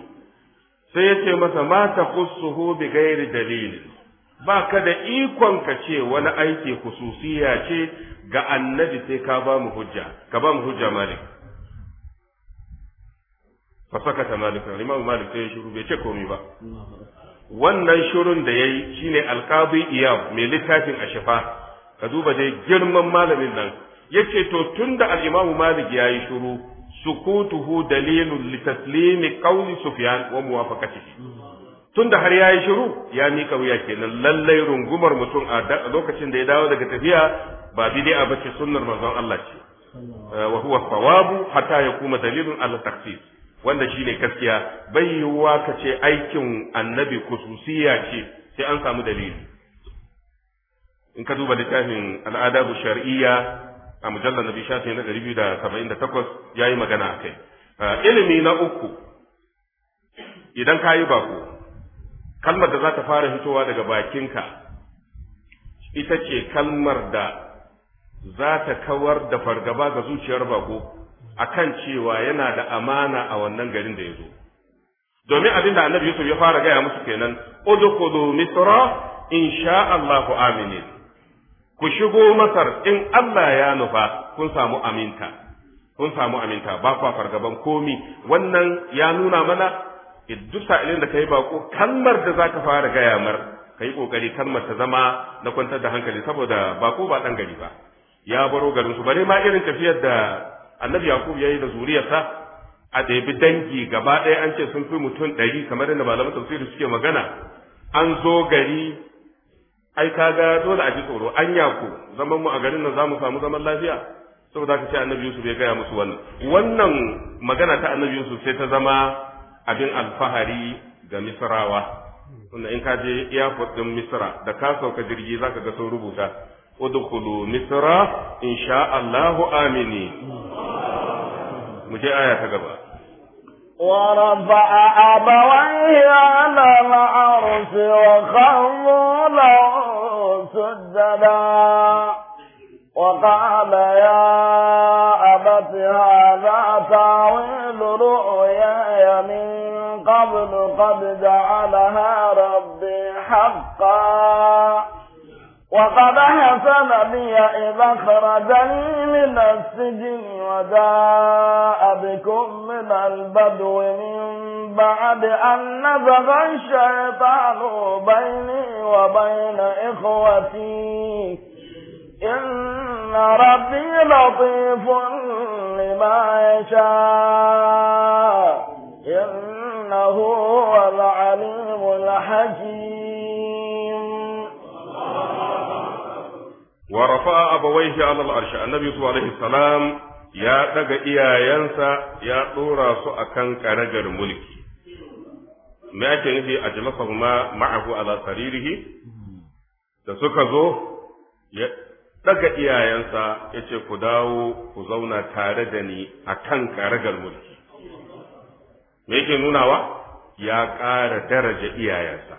sai ya ce masa ma ta khusuhu bi ghairi dalil ba ka da ikon ka ce wani aiki kususiya ce ga annabi sai ka ba mu hujja ka ba mu hujja malik fa sakata malik imam malik sai ya shiru bai ce komai ba wannan shirun da yayi shine alqadi iyab mai littafin ashifa ka duba dai girman malamin nan yace to tunda al-imam malik yayi shiru sukutuhu dalilun li taslimi qawli sufyan wa muwafaqatihi tunda har yayi shuru ya mika wuya kenan lallai rungumar mutum a lokacin da ya dawo daga tafiya ba a bace sunnar manzon Allah ce eh, wa huwa sawabu hatta yakuma dalilun ala taqsis wanda shine gaskiya bai yiwuwa ka ce aikin annabi kususiya ce sai an samu dalili in ka duba littafin al'adabu shar'iyya a mujallar nabi shafi na ɗari biyu da saba'in da takwas ya yi magana a kai ah, ilimi na uku idan ka yi bako kalmar da za ta fara fitowa daga bakinka ita ce kalmar da za ta kawar da fargaba ga zuciyar bako akan cewa yana da amana a wannan garin da ya zo domin abin da annabi Yusuf ya fara gaya musu kenan udkhulu misra in sha Allahu aminin ku shigo masar in Allah ya nufa kun samu aminta kun samu aminta ba kwa fargaban komi wannan ya nuna mana duk sa'ilin da kai bako kalmar da zaka fara gaya mar kai kokari kalmar ta zama na kwantar da hankali saboda bako ba dan gari ba ya baro garin su bare ma irin tafiyar da annabi yakub yayi da zuriyarsa a ɗebi dangi gaba ɗaya an ce sun fi mutum ɗari kamar yadda malaman tafsiri suke magana an zo gari ai ka ga dole a ji tsoro an yaku zaman mu a garin nan zamu samu zaman lafiya saboda ka ce annabi yusuf ya gaya musu wannan wannan magana ta annabi yusuf sai ta zama abin alfahari ga misrawa tunda in ka je airport din misra da ka sauka jirgi zaka ga sun rubuta udkhulu misra insha Allah amini mu je aya ta gaba ورفع أبويه على العرش وخروا له سجدا وقال يا أبت هذا تاويل رؤياي من قبل قد جعلها ربي حقا وقد حسن بي إذا خرجني من السجن وجاء بكم من البدو من بعد أن نزغ الشيطان بيني وبين إخوتي إن ربي لطيف لما يشاء إنه هو العليم الحكيم wa rafa abawaihi ala al annabi annabi alaihi salam ya daga iyayensa ya dora su akan karagar mulki me ake nufi a kuma ma'ahu ala saririhi da suka zo ya daga iyayensa ya ce ku dawo ku zauna tare da ni a kan karagar mulki me yake nunawa ya ƙara daraja iyayensa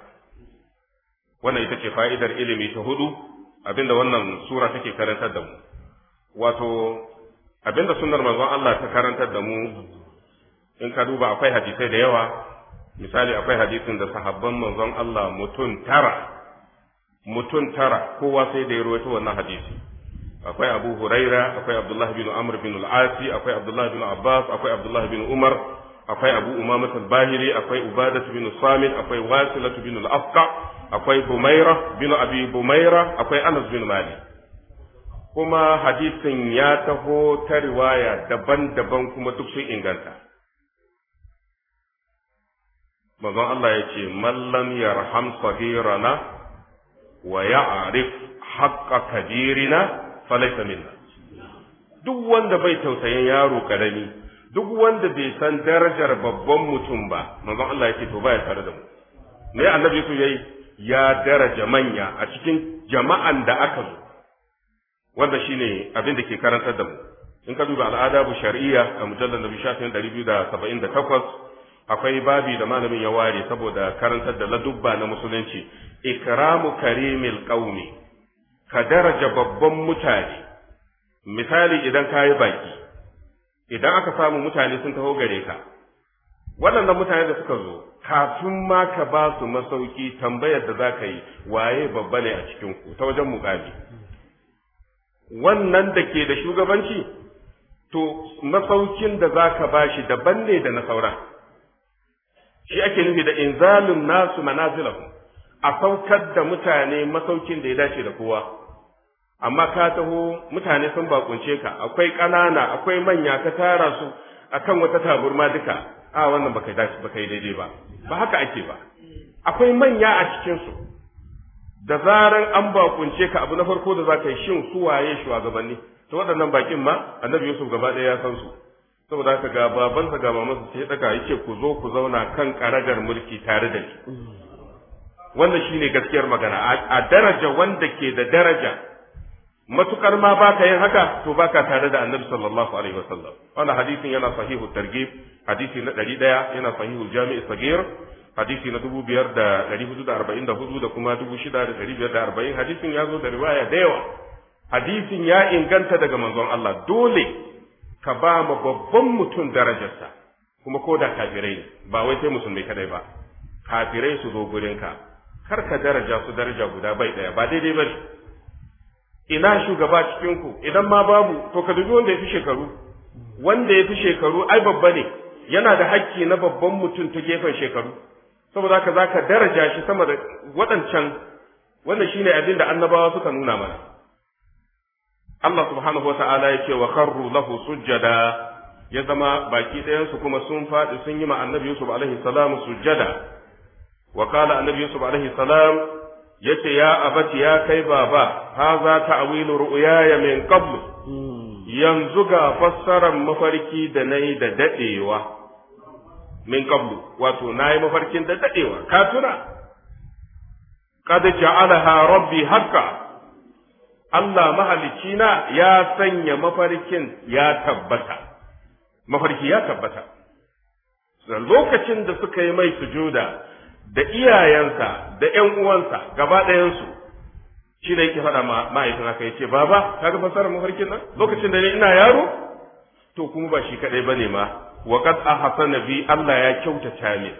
wannan ita ce fa'idar ilimi ta hudu abinda wannan sura take karantar da mu wato abinda sunar manzon Allah ta karantar da mu in ka duba akwai hadisai da yawa misali akwai hadisin da sahabban manzon Allah mutun tara mutum tara kowa sai da ya rawaito wannan hadisi akwai Abu Huraira akwai Abdullah bin Amr bin al akwai Abdullah bin Abbas akwai Abdullah bin Umar akwai Abu Umamah al bahiri akwai Ubadah bin Samit akwai Wasilatu bin al-Afqa akwai bumaira bin abi bumaira akwai anas bin malik kuma hadisin ya taho ta riwaya daban-daban kuma duk sun inganta manzon Allah ya ce mallam yarham sagirana wa ya'rif haƙa kabirina falaita minna duk wanda bai tausayin yaro karami duk wanda bai san darajar babban mutum ba manzon Allah ya ce to baya tare da mu me annabi su yayi ya daraja manya a cikin jama'an da aka zo wanda shine abin da ke karantar da mu in ka duba al'adabu shar'iyya a mujallar da shafin ɗari biyu da saba'in da takwas akwai babi da malamin ya ware saboda karantar da ladubba na musulunci ikramu karimil qaumi ka daraja babban mutane misali idan ka yi baki idan aka samu mutane sun taho gare ka waɗannan mutane da suka zo kafin ma ka ba su masauki tambayar da za ka yi waye babba ne a cikin ku ta wajen mukami wannan da ke da shugabanci to masaukin da za ka ba shi daban ne da na saura. shi ake nufi da inzalin nasu manazilahu a saukar da mutane masaukin da ya dace da kowa amma ka taho mutane sun bakunce ka akwai ƙanana akwai manya ka tara su akan wata taburma duka a wannan baka dace baka yi daidai ba ba haka ake ba akwai manya a cikin su da zaran an bakunce ka abu na farko da zaka yi shin su waye shugabanni to waɗannan bakin ma annabi Yusuf gaba ɗaya ya san su saboda haka ga sa ga sa sai daga yake ku zo ku zauna kan karagar mulki tare da ni wannan shine gaskiyar magana a daraja wanda ke da daraja matukar ma baka yin haka to baka tare da annabi sallallahu alaihi wasallam wannan hadisin yana sahihu targhib hadisi na ɗari ɗaya yana sahihul jami'i sagir hadisi na dubu biyar da ɗari hudu da arba'in da hudu da kuma dubu shida da ɗari biyar da arba'in hadisin ya zo da riwaya da yawa hadisin ya inganta daga manzon Allah dole ka ba ma babban mutum darajarsa kuma ko da kafirai ba wai sai musulmai kadai ba kafirai su zo gurinka kar ka daraja su daraja guda bai ɗaya ba daidai ba ne ina shugaba cikinku idan ma babu to ka dubi wanda ya fi shekaru wanda ya fi shekaru ai babba ne yana da hakki na babban mutum ta gefen shekaru saboda haka zaka daraja shi sama da waɗancan wannan shine abin da annabawa suka nuna mana Allah subhanahu wata'ala ya ce wa kharru lahu sujjada ya zama baki ɗayansu kuma sun faɗi sun yi ma annabi Yusuf alaihi salam sujjada wa qala annabi Yusuf alaihi salam yace ya abati ya kai baba haza ta'wilu ru'yaya min qabl hmm. yanzu ga fassarar mafarki da na yi da daɗewa min kabu, wato na yi mafarkin da daɗewa ka tuna kad ja'alaha rabbi haka Allah mahalicci na ya sanya mafarkin ya tabbata mafarki ya tabbata Da lokacin da suka yi mai sujuda da iyayensa da ’yan uwansa gaba ɗayansu shi ne yake faɗa ma ma'aikin haka yace baba kaga fasarar mafarkin nan lokacin da ni ina yaro to kuma ba shi kaɗai ba ne ma wa qad na bi Allah ya kyautata min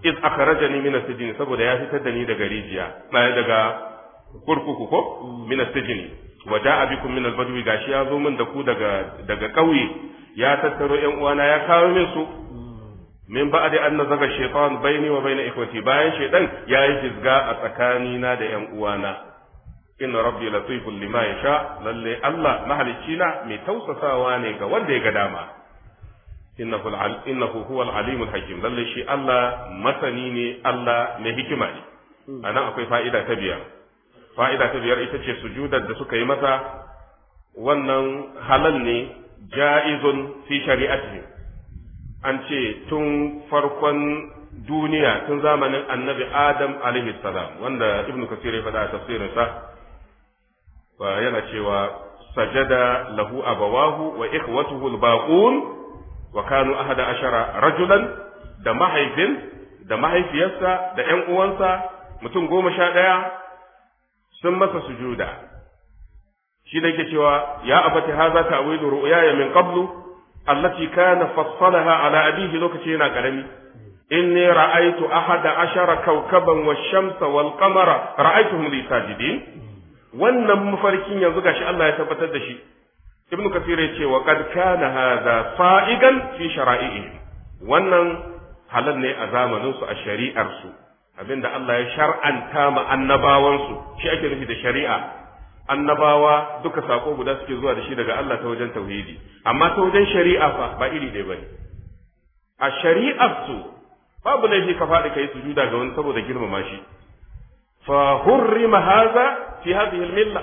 iz raja min as saboda ya fitar da ni daga rijiya daga kurkuku ko min as wa ja'a bikum min al gashi ya zo min da ku daga daga kauye ya tattaro ƴan uwana ya kawo min su min ba ba'di an nazaga shaytan baini wa baina ikhwati bayan shaytan ya yi fisga a tsakanina da ƴan uwana inna rabbi latifun lima yasha lalle Allah mahalicci na mai tausasawa ne ga wanda ya ga dama innahu innahu huwal alimul hakim lalle shi Allah masani ne Allah mai hikima ne hmm. anan akwai fa'ida ta biyar fa'ida ta biyar ita ce sujudar da suka yi masa wannan halal ne ja'izun fi shari'atihi an ce tun farkon duniya tun zamanin annabi adam alaihi salam wanda ibnu kasir ya faɗa a tafsirinsa yana cewa sajada lahu abawahu wa ikhwatuhu albaqun wa kanu ahada ashara rajulan da mahaifin da mahaifiyarsa da ƴan uwansa mutum goma sha ɗaya sun masa sujuda shi da yake cewa ya abati haza ta'wilu ru'yaya min qablu allati kana fassalaha ala abihi lokaci yana karami inni ra'aytu ahada ashara kawkaban wash-shamsa wal-qamara ra'aytuhum li sajidin wannan mafarkin yanzu gashi Allah ya tabbatar da shi ibnu kasir ya ce wa qad kana hadha fa'igan fi shara'i'i wannan halal ne a zamanin su a shari'ar su abinda Allah ya shar'anta ma annabawan su shi ake nufi da shari'a annabawa duka sako guda suke zuwa da shi daga Allah ta wajen tauhidi amma ta wajen shari'a fa ba iri ɗaya bane a shari'ar su babu laifi ka faɗi kai sujuda ga wani saboda girmama shi fa hurrima haza fi hadhihi al-milla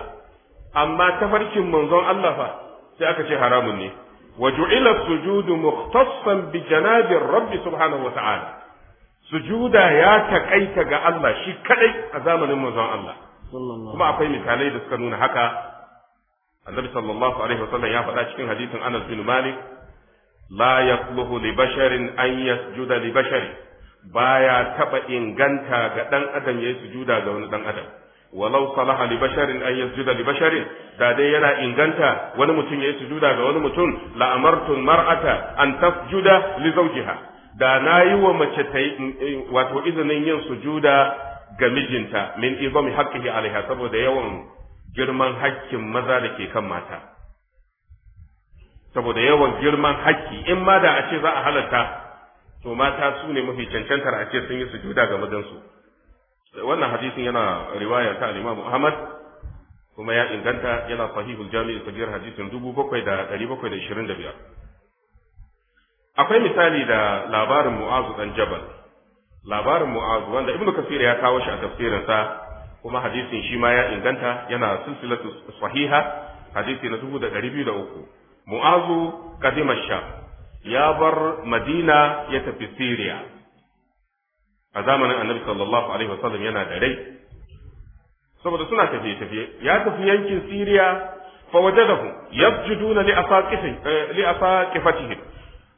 amma tafarkin manzon Allah fa sai aka ce haramun ne wa ju'ila sujudu mukhtassan bi janabi rabbi subhanahu wa ta'ala sujuda ya takaita ga Allah shi kadai a zamanin manzon Allah kuma akwai misalai da suka nuna haka annabi sallallahu alaihi wasallam ya faɗa cikin hadisin Anas bin Malik la yasluhu li basharin an yasjuda li basharin baya taba inganta ga dan adam ya sujuda ga wani dan adam walau salaha li basharin an yasjuda li basharin da dai yana inganta wani mutum ya sujuda ga wani mutum la amartu mar'ata an tasjuda li zawjiha da nayi wa mace ta wato izinin yin sujuda ga mijinta min izami haqqihi alaiha saboda yawan girman hakkin maza da ke kan mata saboda yawan girman hakki in ma da a ce za a halarta to mata su ne mafi cancantar a ce sun yi sujuda ga madansu wannan hadisin yana riwaya ta al-Imam Ahmad kuma ya inganta yana sahihul jami'i kabir hadisin biyar. akwai misali da labarin Mu'azu dan Jabal labarin Mu'azu wanda Ibn Kathir ya kawo shi a tafsirinsa kuma hadisin shi ma ya inganta yana silsilatu sahiha hadisi na 2203 Mu'azu kadima ya bar madina ya tafi siriya a zamanin annabi sallallahu alaihi wasallam yana da rai saboda suna tafiye tafiye ya tafi yankin siriya fa wajadahu yasjuduna li asaqifi eh, li asaqifatihi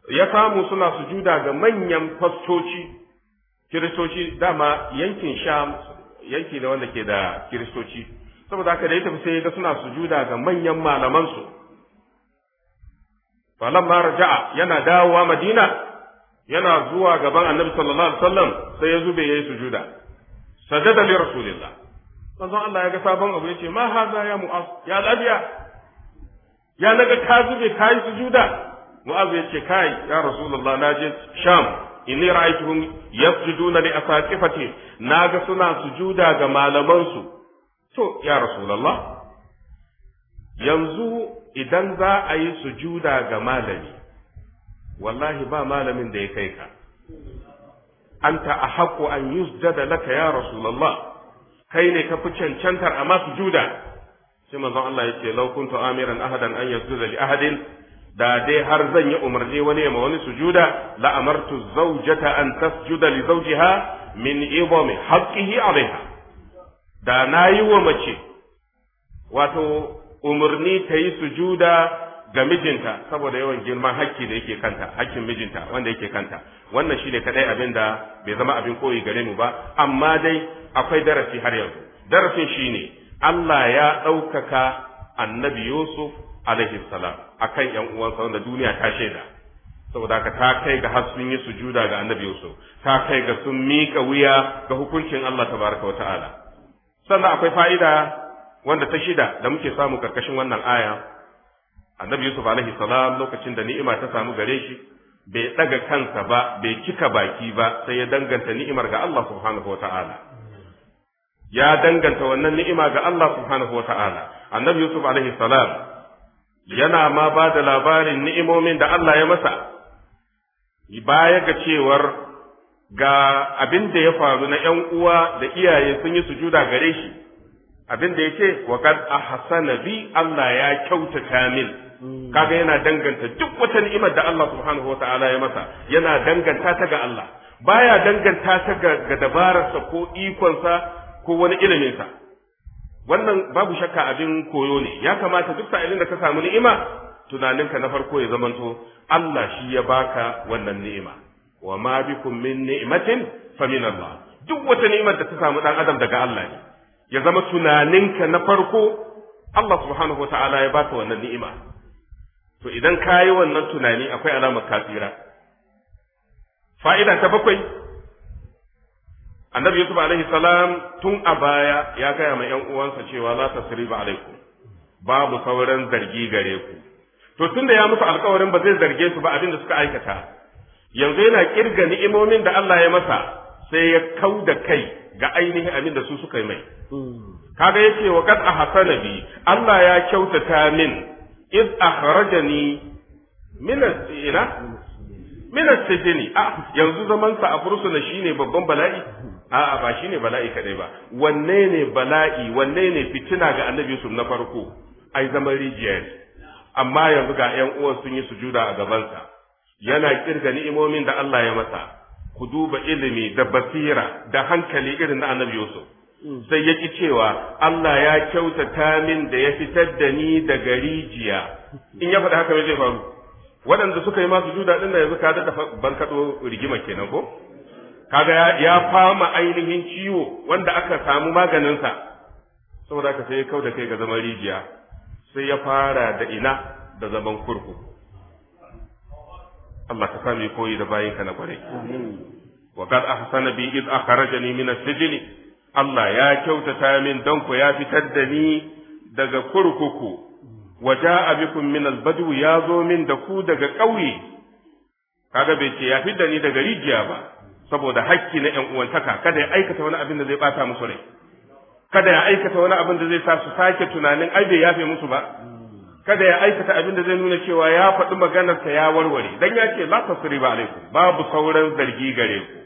ya samu suna sujuda ga manyan fastoci kiristoci dama yankin sham yanki ne wanda ke da kiristoci saboda haka da ya tafi sai ya ga suna sujuda ga manyan malaman su falamma raja'a yana dawowa madina yana zuwa gaban annabi sallallahu alaihi wasallam sai ya zube yayi sujuda sajada li rasulillah manzon Allah ya ga sabon abu yace ma haza ya mu'az ya labiya ya naga ka zube kai sujuda mu'az yace kai ya rasulullah na je sham inni ra'aytuhum yasjuduna li asaqifati naga suna sujuda ga malaman su to ya rasulullah yanzu idan za a yi sujuda ga malami wallahi ba malamin da ya kai ka anta a ahqqu an yusjada laka ya rasulullah kai ne ka fi cancantar amma sujuda sai manzon Allah yake law kuntu amiran ahadan an yasjuda li ahadin da dai har zan yi umarni wani ma wani sujuda la amartu zawjata an tasjuda li zawjiha min ibami haqqihi alaiha da nayi wa mace wato umarni ta yi sujuda ga mijinta saboda yawan girman hakki da yake kanta hakkin mijinta wanda yake kanta wannan shi ne kaɗai abin da bai zama abin koyi gare mu ba amma dai akwai darasi har yanzu darasin shi ne Allah ya ɗaukaka annabi Yusuf alaihi salam kan yan uwansa wanda duniya ta shaida saboda haka ta kai ga har sun yi sujuda ga annabi Yusuf ta kai ga sun mika wuya ga hukuncin Allah tabaraka wa ta'ala sannan akwai fa'ida wanda ta shida da muke samu karkashin wannan aya annabi yusuf alaihi salam lokacin da ni'ima ta samu gare shi bai daga kansa ba bai kika baki ba sai ya danganta ni'imar ga Allah subhanahu wata'ala ya danganta wannan ni'ima ga Allah subhanahu wata'ala annabi yusuf alaihi salam yana ma ba da labarin ni'imomin da Allah ya masa baya ga cewar ga abin da ya faru na ‘yan uwa da iyaye sun yi sujuda gare shi abin da yake wa kad ahsana bi Allah ya kyautata min kaga yana danganta duk wata ni'imar da Allah subhanahu wataala ya masa yana danganta ta ga Allah baya danganta ta ga dabararsa ko ikonsa ko wani iliminsa wannan babu shakka abin koyo ne ya kamata duk sa'ilin da ka samu ni'ima tunaninka na farko ya zamanto Allah shi ya baka wannan ni'ima wa ma bikum min ni'matin fa min Allah duk wata ni'imar da ta samu dan adam daga Allah ne ya zama tunaninka na farko Allah subhanahu wata'ala ya baka wannan ni'ima to idan ka yi wannan tunani akwai alamar kafira fa'ida ta bakwai annabi yusuf alaihi salam tun a baya ya gaya ma ‘yan uwansa cewa la tasriba alaikum babu sauran zargi gare ku to tun da ya musu alkawarin ba zai zarge su ba abin da suka aikata yanzu yana kirga ni'imomin da Allah ya masa sai ya kau da kai ga ainihi abin da su suka yi mai hmm. kaga yace wa a ahsana bi Allah ya kyautata min id akhrajani min ina min as-sijni a ah, yanzu zamansa a fursuna shine babban bala'i a'a ba shine bala'i kadai ba wanne ne bala'i wanne ne fitina ga annabi Yusuf na farko ai zaman rijiya amma yanzu ga 'yan uwan sun yi sujuda a gabansa yana kirga ni'imomin da Allah ya masa ku duba ilimi da basira da hankali irin na annabi Yusuf mm. sai ya cewa Allah ya kyautata min da ya fitar da ni daga rijiya in ya faɗi haka zai faru waɗanda suka yi masu juda ɗin da yanzu ka da barkaɗo rigima kenan ko kaga ya fama ainihin ciwo wanda aka samu maganinsa saboda haka sai ya kauda kai ga zaman rijiya sai ya fara da ina da zaman kurkuku Allah ka sami koyi da bayinka na wa qad ahsana bi id akhrajani min as-sijni Allah ya kyautata min don ku ya fitar da ni daga kurkuku wa ja'a bikum min al badw ya zo min da ku daga ƙauye kaga bai ce ya fitar da ni daga rijiya ba saboda hakki na ƴan uwantaka kada ya aikata wani abin da zai bata musu rai kada ya aikata wani abin da zai sa su sake tunanin ai bai yafe musu ba kada ya aikata abin da zai nuna cewa ya faɗi maganarsa ya warware dan ya ce la ba alaiku. babu sauran zargi gare ku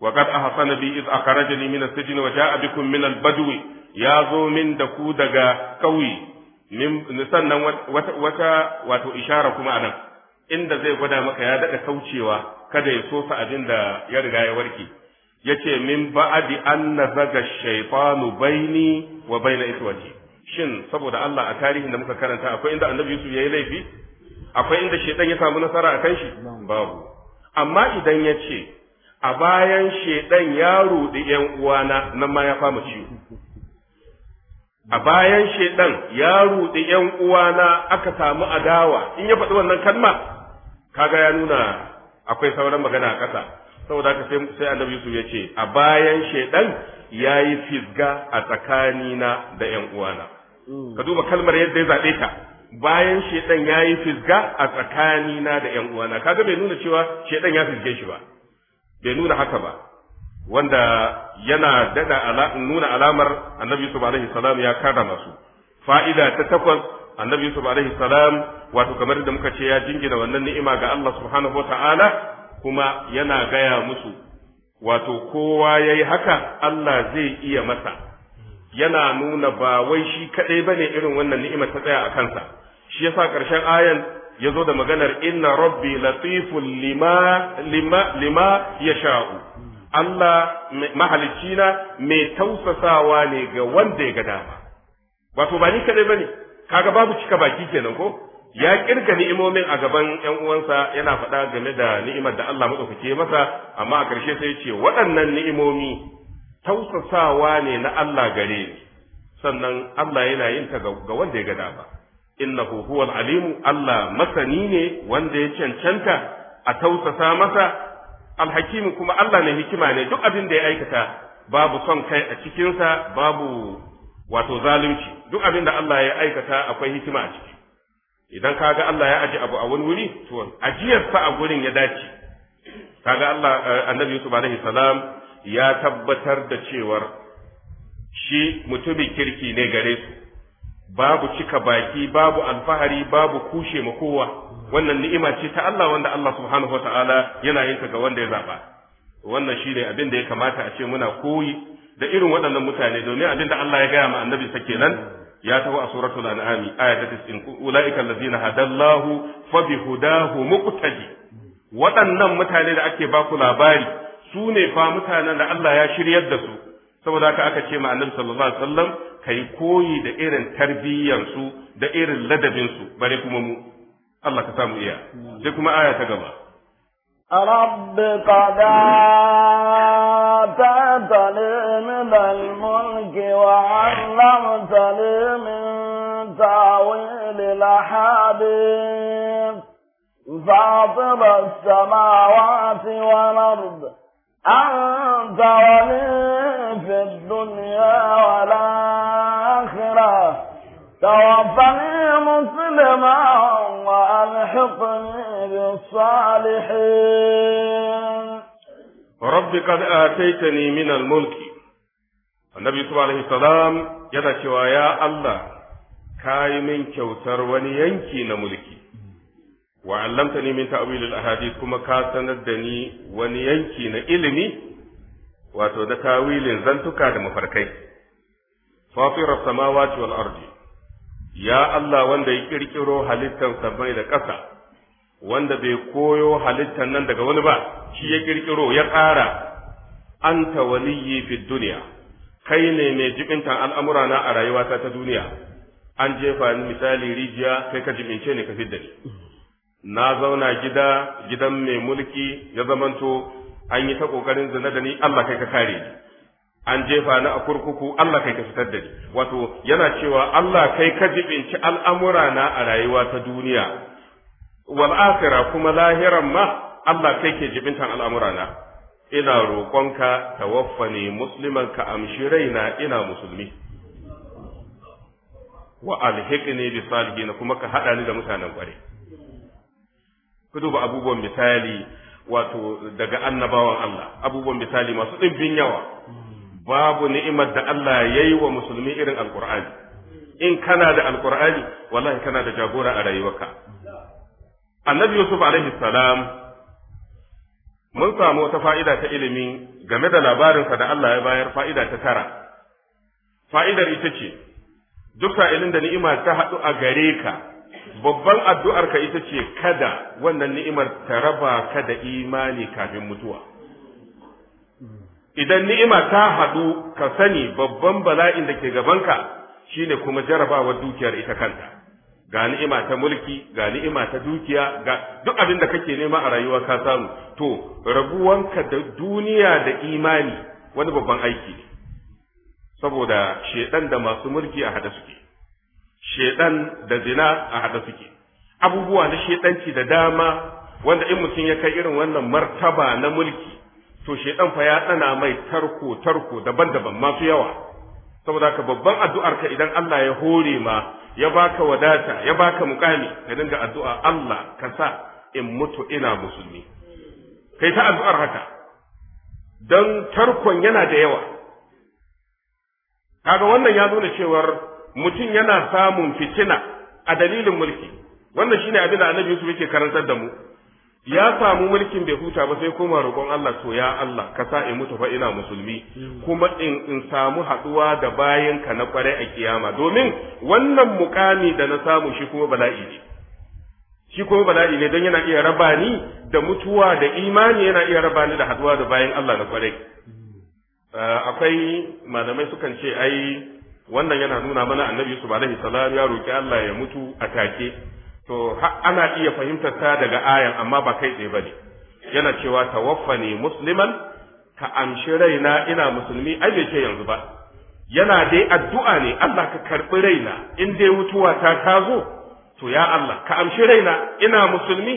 وقد min as-sijn wa ja'a bikum min al-badwi ya zo min da ku daga قوي min sannan wata wata wato isharar kuma anan, inda zai gwada maka ya daɗa kaucewa kada ya sosa abin da ya riga ya warke ya ce min ba'adi an na zaga shaifanu baini wa baina iswati shin saboda Allah a tarihin da muka karanta akwai inda annabi Yusuf ya yi laifi akwai inda shedan ya samu nasara a kan shi babu amma idan ya ce a bayan shedan ya rudi yan uwana nan ma ya fama ciwo a bayan shedan ya rudi yan uwana aka samu adawa in ya faɗi wannan kalma kaga ya nuna akwai sauran magana a ƙasa saboda haka sai annabi Yusuf ya ce a bayan shedan ya yi fisga a tsakanina da yan uwana Mm. ka duba kalmar yadda ya zaɓe ta bayan shaidan ya yi fisga a tsakanina da ‘yan uwana kaga bai nuna cewa shaidan ya fisge shi ba bai nuna haka ba wanda yana ala, nuna alamar annabi yusuf alaihi salam ya kada masu fa'ida ta takwas annabi yusuf alaihi salam wato kamar da muka ce ya jingina wannan ni'ima ga Allah subhanahu wa ta'ala kuma yana gaya musu wato kowa ya yi haka Allah zai iya masa yana nuna ba wai shi kadai bane irin wannan ni'ima ta tsaya a kansa shi yasa karshen ayan ya zo da maganar inna rabbi latiful lima lima lima yasha'u Allah mahalicina mai tausasawa ne ga wanda ya ga dama wato ba ni kadai bane kaga babu cika baki kenan ko ya kirga ni'imomin a gaban ƴan uwansa yana faɗa game da ni'imar da Allah maɗaukake masa amma a ƙarshe sai ce waɗannan ni'imomi tausasawa ne na Allah gare ni sannan Allah yana yin ta ga wanda ya ga ba innahu huwal alimu Allah masani ne wanda ya cancanta a tausasa masa alhakimu kuma Allah ne hikima ne duk abin da ya aikata babu son kai a cikinsa babu wato zalunci duk abin da Allah ya aikata akwai hikima a ciki idan kaga Allah ya aji abu a wani wuri to ajiyarsa a gurin ya dace kaga Allah eh, annabi Yusuf alaihi salam ya tabbatar da cewar shi mutumin kirki ne gare su babu cika baki babu alfahari babu kushe ma kowa wannan ni'ima ce ta Allah wanda Allah subhanahu wataala yana yin ta ga wanda ya zaba wannan ne abin da ya kamata a ce muna koyi da irin waɗannan mutane domin abin da Allah ya gaya ma annabi sake nan ya taho a suratul an'ami aya ta 90 ulaika allazina hadallahu fa bihudahu muqtadi waɗannan mutane da ake baku labari su ne fa mutanen da Allah ya shiryar da su saboda haka aka ce ma'anin sallallahu alaihi wasallam kai koyi da irin tarbiyyarsu su da irin ladabin su bare kuma mu Allah ka samu iya sai kuma aya ta gaba رب قد آتيتني من الملك وعلمتني من تأويل الأحاديث فاطر السماوات والأرض أنت ولي في الدنيا والآخرة توفني مسلما وألحقني بالصالحين رب قد آتيتني من الملك النبي صلى الله عليه وسلم يدعي يا الله كاي من كوتر وني نملكي wa allamtani min ta'wil al-ahadith kuma ka sanar da ni wani yanki na ilimi wato na tawilin zantuka da mafarkai fatira samawati wal ardi ya Allah wanda ya kirkiro halittan sabai da ƙasa wanda bai koyo halittan nan daga wani ba shi ya kirkiro ya ƙara anta waliyyi fi dunya kai ne mai jibintan al'amura na a rayuwata ta duniya an jefa misali rijiya sai ka jibince ne ka fidda ni na zauna gida gidan mai mulki ya zamanto an yi ta kokarin zina da ni Allah kai ka kare ni an jefa ni a kurkuku Allah kai ka fitar da ni wato yana cewa Allah kai ka jibinci al'amura na a rayuwa ta duniya wal akhira kuma lahiran ma Allah kai ke jibintan al'amura na ina roƙonka tawaffani musliman ka amshi raina ina musulmi wa alhiqni bi salihin kuma ka hada ni da mutanen kware ku duba abubuwan misali wato daga annabawan Allah abubuwan misali masu ɗimbin yawa babu ni'imar da Allah ya yi wa musulmi irin alkur'ani in kana da alkur'ani wallahi kana da jagora a rayuwarka annabi yusuf alaihi salam mun samu wata fa'ida ta ilimi game da labarinsa da Allah ya bayar fa'ida ta tara fa'idar ita ce duk sa'ilin da ni'ima ta haɗu a gare ka babban addu'ar ka ita ce kada wannan ni'imar ta raba ka da imani kafin mutuwa idan ni'ima ta haɗu ka sani babban bala'in da ke gabanka shine kuma jarabawar dukiyar ita kanta ga ni'ima ta mulki ga ni'ima ta dukiya ga duk abin da kake nema a rayuwa ka samu to rabuwanka da duniya da imani wani babban aiki ne saboda shedan da masu mulki a hada suke shedan da zina a hada suke abubuwa na shedanci da dama wanda in mutum ya kai irin wannan martaba na mulki to shedan fa ya tsana mai tarko tarko daban-daban masu yawa saboda haka babban addu'ar ka idan Allah ya hore ma ya baka wadata ya baka mukami ka dinga addu'a Allah ka sa in mutu ina musulmi kai ta addu'ar haka dan tarkon yana da yawa kaga wannan ya nuna cewar mutum yana samun fitina a dalilin mulki wannan shine abin da annabi Yusuf yake karantar da mu ya samu mulkin bai huta ba sai koma roƙon Allah to ya Allah ka sa in mutu fa ina musulmi kuma in in samu haɗuwa da bayan ka na kware a kiyama domin wannan mukami da na samu shi kuma bala'i ne shi kuma bala'i ne don yana iya raba da mutuwa da imani yana iya raba ni da haduwa da bayan Allah na kware akwai malamai sukan ce ai wannan yana nuna mana annabi yusuf alaihi hisalar ya roki Allah ya mutu a take to ana iya fahimtar ta daga ayan amma ba kai tsaye bane yana cewa tawaffani musliman ka amshi raina ina musulmi ai bai ce yanzu ba yana dai addu'a ne Allah ka karɓi raina in dai mutuwa ta ta to ya Allah ka amshi raina ina musulmi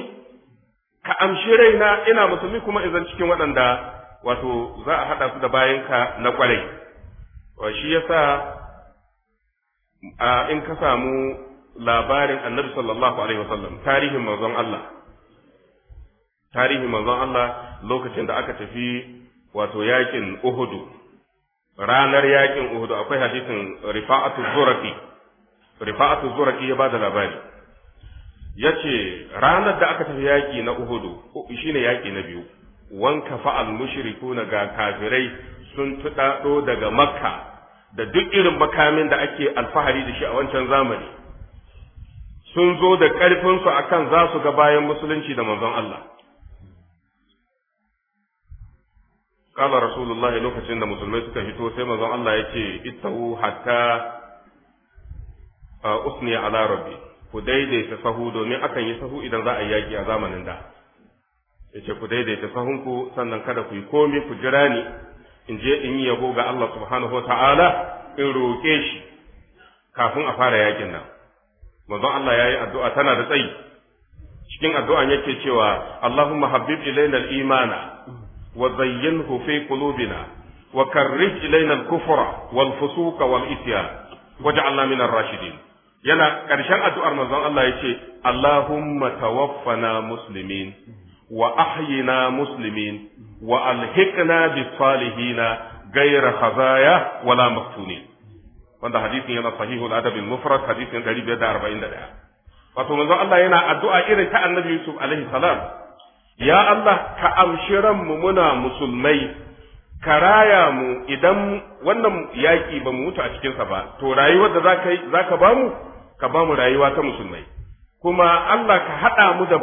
ka amshi raina ina musulmi kuma izan cikin waɗanda wato za a haɗa su da bayanka na kwarai shi yasa in ka samu labarin annabi sallallahu alaihi wasallam tarihin manzon Allah tarihin manzon Allah lokacin da aka tafi wato yakin Uhudu ranar yakin Uhudu akwai hadisin Rifa'atu Zuraqi Rifa'atu Zuraqi ya bada labari yace ranar da aka tafi yaki na Uhudu shine yaki na biyu wanka fa'al mushrikuna ga kafirai sun tudado daga Makka da duk irin makamin da ake alfahari da shi a wancan zamani sun zo da ƙarfinsu a kan za su ga bayan musulunci da manzon Allah. Kala Rasulullahi lokacin da musulmai suka fito sai manzon Allah ya ce, Ittahu hatta uh, usni ala rabbi ku daidaita sahu domin akan yi sahu idan za a yaƙi a zamanin da. Ya ce, Ku daidaita sahunku sannan kada ku yi komi ku jira ni in je in yi yabo ga Allah subhanahu ta'ala in roƙe shi kafin a fara yakin nan manzon Allah yayi addu'a tana da tsayi cikin addu'an yake cewa Allahumma Habib ilaina imana wa zayyinhu fi qulubina wa karrij ilaina kufra wal fusuqa wal isyan waj'alna min ar-rashidin yana ƙarshen addu'ar manzon Allah ya ce, Allahumma tawaffana muslimin wa ahyina muslimin wa alhiqna bis salihina ghayra khazaya wala maftunin wanda hadisin yana sahihul adab al mufrad hadisin 541 wato manzo Allah yana addu'a irin ta annabi Yusuf alaihi salam ya Allah ka amshi mu muna musulmai ka raya mu idan wannan yaƙi ba mu mutu a cikinsa ba to rayuwar da za ka ba mu ka ba mu rayuwa ta musulmai kuma Allah ka haɗa mu da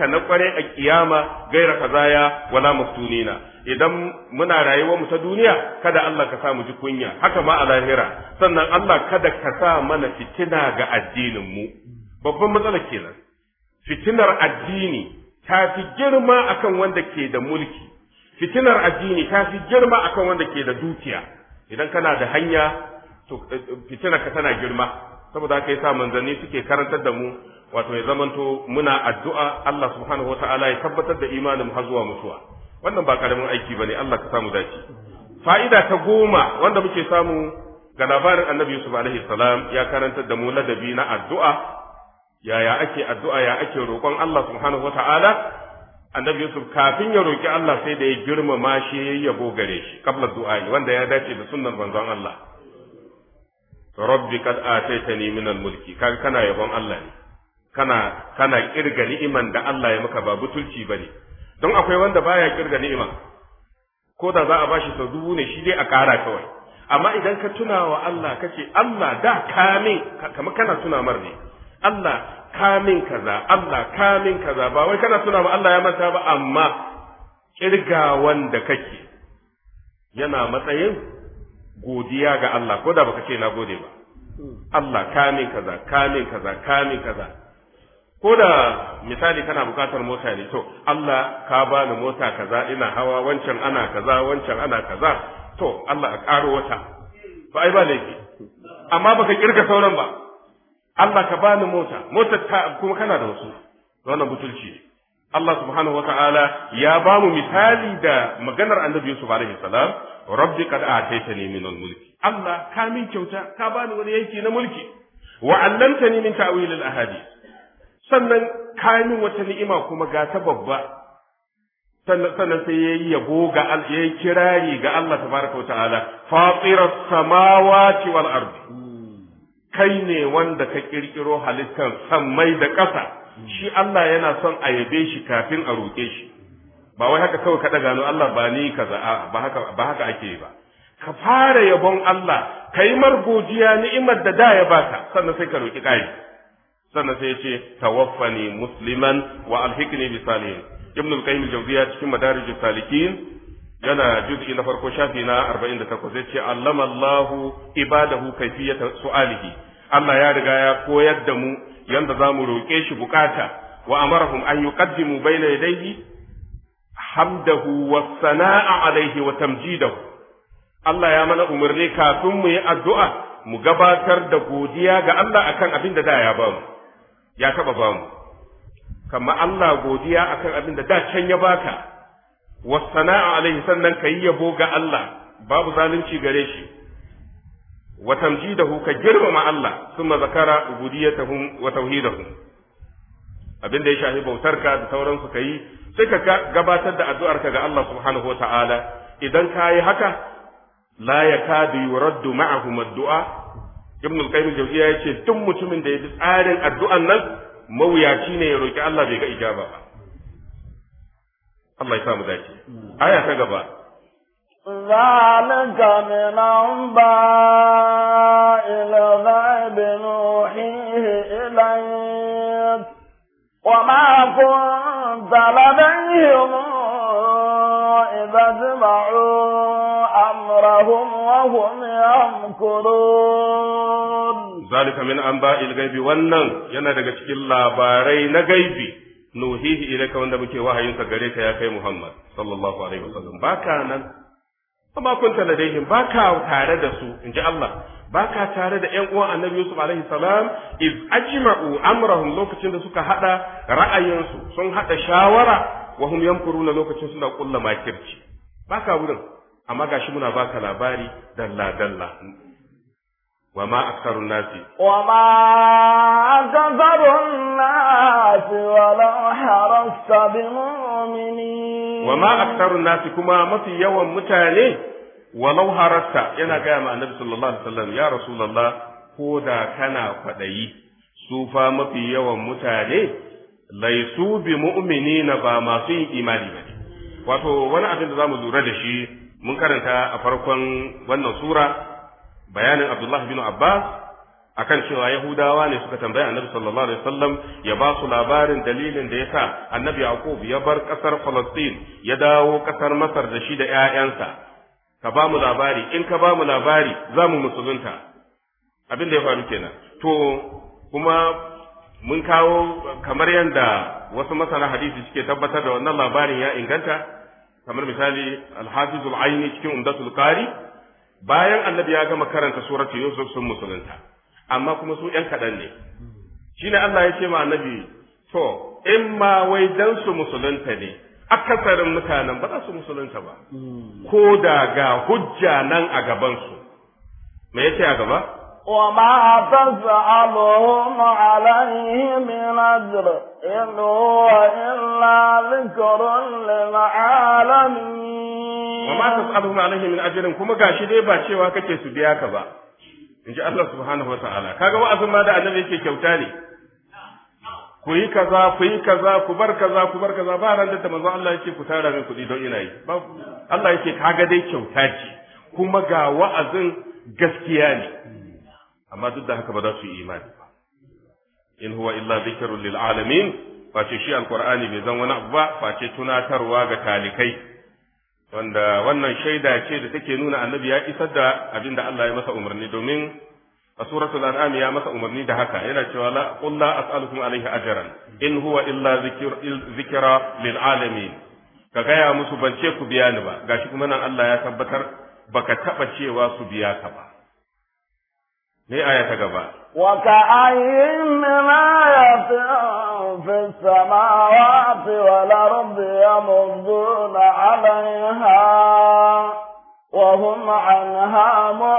ka na ƙware a kiyama gaira zaya, wala maftunina idan muna rayuwar mu ta duniya kada Allah ka sa mu ji kunya haka ma a lahira sannan Allah kada ka sa mana fitina ga addinin mu babban matsala kenan fitinar addini ta fi girma akan wanda ke da mulki fitinar addini ta fi girma akan wanda ke da dukiya idan kana da hanya to eh, eh, fitinar ka tana girma saboda haka yasa manzanni suke karantar da mu wato ya zamanto muna addu'a Allah subhanahu wa ta'ala ya tabbatar da imanin har zuwa mutuwa wannan ba karamin aiki ba ne Allah ka samu dace fa'ida ta goma wanda muke samu ga labarin Annabi Yusuf alaihi salam ya karantar da mu ladabi na addu'a yaya ake addu'a ya ake roƙon Allah subhanahu wa ta'ala Annabi Yusuf kafin ya roƙi Allah sai da ya girmama shi ya yabo gare shi kabla du'a wanda ya dace da sunnan manzon Allah rabbi kad ataitani min mulki kaga kana yabon Allah ne kana kana kirga ni'iman da Allah ya maka ba butulci bane don akwai wanda baya kirga ni'ima ko da za a bashi sau dubu ne shi dai a kara kawai amma idan ka tuna wa Allah ka Allah da kame kamar kana tuna mar ne Allah kamin kaza Allah kamin kaza ba wai kana tuna wa Allah ya manta ba amma ƙirga wanda kake yana matsayin godiya ga Allah ko da baka ce na gode ba hmm. Allah kamin kaza kamin kaza kamin kaza ko da misali kana bukatar mota ne to Allah ka bani mota kaza ina hawa wancan ana kaza wancan ana kaza to Allah a karo wata ba ai ba laifi amma baka kirga sauran ba Allah ka bani mota mota ta kuma kana da wasu wannan butulci Allah subhanahu wata'ala ya ba mu misali da maganar annabi Yusuf alaihi salam rabbi qad ataitani min al-mulki Allah ka min kyauta ka bani wani yanki na mulki wa 'allamtani min ta'wil al-ahadith sannan kamin wata ni'ima kuma ga ta babba sannan sai ya yi yabo ga ya yi kirari ga Allah tabaraka wa ta'ala fatirar samawati wal ardi kai ne wanda ka kirkiro halittar sammai da ƙasa shi Allah yana son a yabe shi kafin a roƙe shi ba wai haka kawai ka gano Allah ba ni kaza ba haka ba haka ake yi ba ka fara yabon Allah kai margojiya ni'imar da da ya baka sannan sai ka roƙi ƙari sannan sai ya ce tawaffani musliman wa alhikni bi salihin ibn al-qayyim al-jawziya cikin madarij salikin yana juz'i na farko shafi na 48 yace allama Allah ibadahu kayfiyata su'alihi Allah ya riga ya koyar da mu yanda zamu roke shi bukata wa amarahum an yuqaddimu bayna yadayhi hamdahu wa sana'a alaihi wa tamjidahu Allah ya mana umarni kafin mu yi addu'a mu gabatar da godiya ga Allah akan abin da da ya bamu ya taɓa ba mu kama Allah godiya akan abin da da can ya baka wasana'a alaihi sannan ka yi yabo ga Allah babu zalunci gare shi wa tamjidahu ka girmama Allah summa zakara ubudiyatahum wa tauhidahum abin da ya shafi bautarka da sauransu kayi sai ka gabatar da addu'arka ga Allah subhanahu wa ta'ala idan ka yi haka la yakadu yuraddu ma'ahum addu'a ibn al-qayyim jawziya yace duk mutumin da ya bi tsarin addu'an nan mawuyaci ne ya roki Allah bai ga ijaba ba Allah ya sa mu dace aya ta gaba ذلك من أنباء الغيب نوحيه إليك وما كنت لديهم إذا اجمعوا أمرهم وهم يمكرون ذلك من أنباء الغيب والنن ينادك الله بارين غيب نوهيه إليك wanda muke wahayinsa gare ka ya kai Muhammad sallallahu alaihi wasallam baka nan amma kunta ladaihim baka tare da su inji Allah baka tare da ƴan uwan Annabi Yusuf alaihi salam iz ajma'u amrahum lokacin da suka hada ra'ayinsu sun hada shawara wa hum yamkuruna lokacin suna kullama makirci baka wurin amma gashi muna baka labari dalla dalla wa ma aktarun nasi wa ma aktarun nasi wa la harasta bi mu'mini wa ma aktarun nasi kuma mafi yawan mutane walau harasta yana gaya ma annabi sallallahu alaihi wasallam ya rasulullah ko da kana kwadayi su fa mafi yawan mutane laisu bi mu'minina ba masu yin imani ba wato wani abin da zamu lura da shi mun karanta a farkon wannan sura bayanin Abdullah bin Abbas akan cewa Yahudawa ne suka tambaya Annabi sallallahu alaihi wasallam ya ba su labarin dalilin da yasa Annabi Yaqub ya bar kasar Falastin ya dawo kasar Masar da shi da ƴaƴansa ka ba mu labari in ka ba mu labari za mu musulunta abin da ya faru kenan to kuma mun kawo kamar yadda wasu masana hadisi suke tabbatar da wannan labarin ya inganta kamar misali alhafizul aini cikin umdatul qari bayan annabi ya gama karanta suratu yusuf sun musulunta amma kuma su yan kaɗan ne shine Allah ya ce ma annabi to in ma wai dan su musulunta ne akasarin mutanen ba za su musulunta ba hmm. ko da ga hujja nan a gabansu me yace a gaba وما تسألهم عليه من أجر إن هو إلا ذكر للعالمين وما تسألهم عليه من أجر كما قاشي دي باتشي وكاكي سبياك با إن شاء الله سبحانه وتعالى كاكا وأظن ماذا أنه يكي كوتاني كوي yi كوي ku كبر kaza كبر bar kaza دي تمزو الله يكي كتارا من manzo دو إلهي الله يكي min دي كوتاني كما yi Allah yake gaskiya ne amma duk da haka ba za su yi imani ba in huwa illa dhikrun lil alamin face shi alqur'ani bai zan wani abu ba face tunatarwa ga talikai wanda wannan shaida ce da take nuna annabi ya isar da abin da Allah ya masa umarni domin a suratul an'am ya masa umarni da haka yana cewa la qul la as'alukum alayhi ajran in huwa illa dhikra lil alamin ka gaya musu ban ce ku biya ni ba gashi kuma nan Allah ya tabbatar baka taba cewa su biya ka ba ne a ta gaba. Waka ayin mina ya fi fi sama wa fi wa larabi wa huma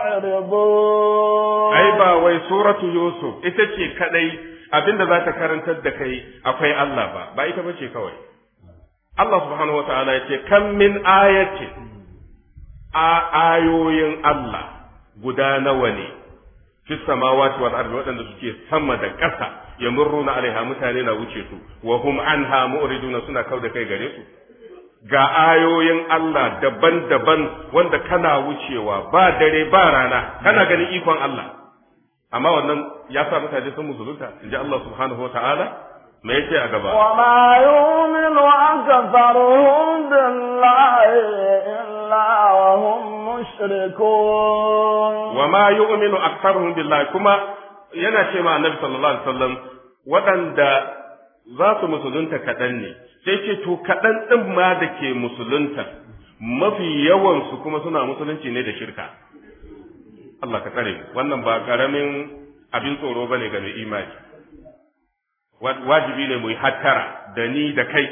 Ai ba wai suratu Yusuf ita ce kadai abinda za ta karantar da kai akwai Allah ba, ba ita bace kawai. Allah subhanahu wa ya ce, Kan min ayace a ayoyin Allah guda nawa ne. fi samawati wal ardi wadanda suke sama da ƙasa yamurruna alaiha mutane na wuce su wa hum anha mu'riduna suna da kai gare su ga ayoyin Allah daban-daban wanda kana wucewa ba dare ba rana kana ganin ikon Allah amma wannan ya sa mutane sun musulunta in ji Allah subhanahu wa ta'ala me yake a gaba wa ma yu'minu aktharuhum billahi illa wa hum mushrikun wa ma yu'minu aktharuhum billahi kuma yana ce ma annabi sallallahu alaihi wasallam waɗanda za su musulunta kaɗan ne sai ce to kaɗan ɗin ma da ke musulunta mafi yawansu kuma suna musulunci ne da shirka Allah ka tsare wannan ba karamin abin tsoro ba ne ga mai imani wajibi ne mu yi hattara da ni da kai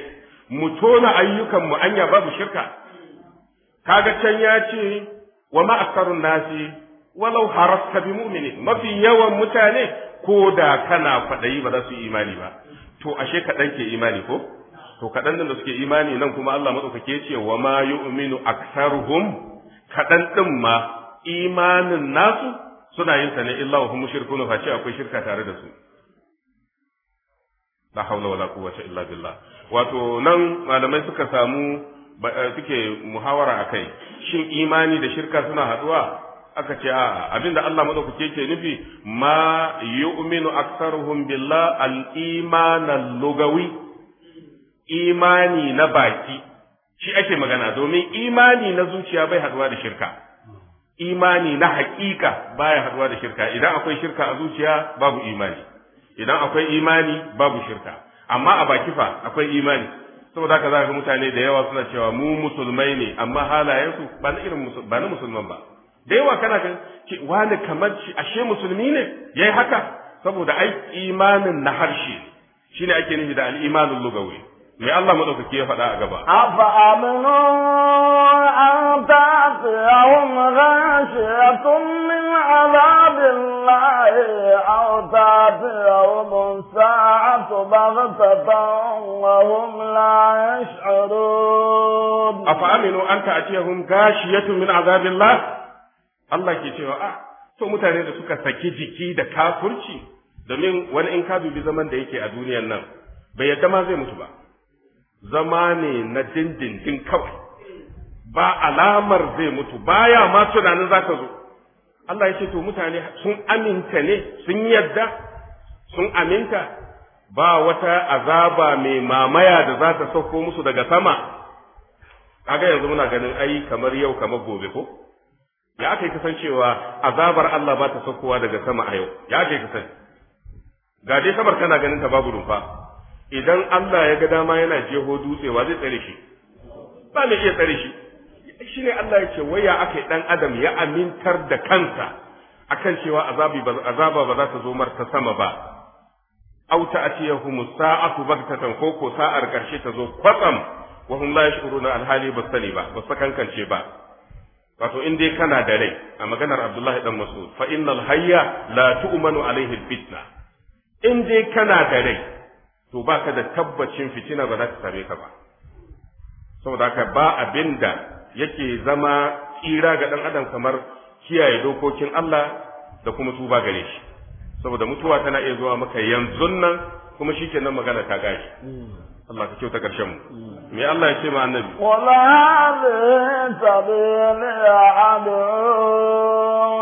mu tona ayyukanmu anya babu shirka kaga can ya ce wa ma nasi walau harasta bi mu'mini mafi yawan mutane ko da kana fadayi ba za su yi imani ba to ashe kaɗan ke imani ko to kaɗan da suke imani nan kuma Allah maɗaukake ce wa ma yu'minu aktharuhum kaɗan ɗin ma imanin nasu suna yin ne illa wa mushrikun fa ce akwai shirka tare da su la hawla wala quwwata illa billah wato nan malamai suka samu Eh, suke muhawara a kai. shin imani da shirka suna haduwa aka ce a abinda Allah madaukake ke nufi ma yu'minu aktsaruhum billah al-iman al-lugawi imani na baki shi ake magana domin imani na zuciya bai haduwa da shirka imani na hakika baya haɗuwa da shirka idan akwai shirka a zuciya babu imani idan akwai imani babu shirka amma a baki fa akwai imani saboda haka za ga mutane da yawa suna cewa mu musulmai ne amma halayensu ba na irin ba na musulman ba da yawa kana ga wani kamar shi ashe musulmi ne yayi haka saboda ai imanin na harshe shine ake nufi da al-imanul lugawi me Allah madaukaki ya faɗa a gaba afa amanu an ta'tiyahum ghashiyatun min adabillahi aw ta'tiyahum sa'atu baghtatan wa hum la yash'urun afa aminu an ta'tiyahum ghashiyatun min azabillah Allah ke cewa a to mutane da suka saki jiki da kafurci domin wani in ka dubi zaman da yake a duniyar nan bai yadda ma zai mutu ba zama ne na dindindin kawai ba alamar zai mutu baya ma tunanin ka zo Allah ya ce to mutane sun aminta ne sun yadda sun aminta ba wata azaba mai mamaya da za ta sauko musu daga sama kaga yanzu muna ganin ai kamar yau kamar gobe ko ya aka yi kasancewa azabar Allah ba ta saukowa daga sama a yau ya aka yi kasan ga dai samar kana ganin ta babu rumfa idan Allah ya ga dama yana jeho dutse wa zai tsare shi ba mai iya tsare shi ne Allah ya ce waya aka dan adam ya amintar da kansa akan cewa azabi ba azaba ba za ta zo marta sama ba aw ta'tiyahum sa'atu baghtatan ko ko sa'ar karshe ta zo kwatsam wa hum la yashuruna alhali ba sani ba ba kankance ba wato in dai kana da rai a maganar Abdullahi dan Mas'ud fa innal hayya la tu'manu alaihi bitna. in dai kana da rai to ba ka da tabbacin fitina ba za ta same ka ba saboda haka ba abin da yake zama tsira ga dan adam kamar kiyaye dokokin Allah da kuma tuba gare shi saboda mutuwa tana iya zuwa maka yanzu nan kuma shi shikenan magana ta gashi الله كي تكر مي الله يسمع النبي ولا هذه سبيل عدو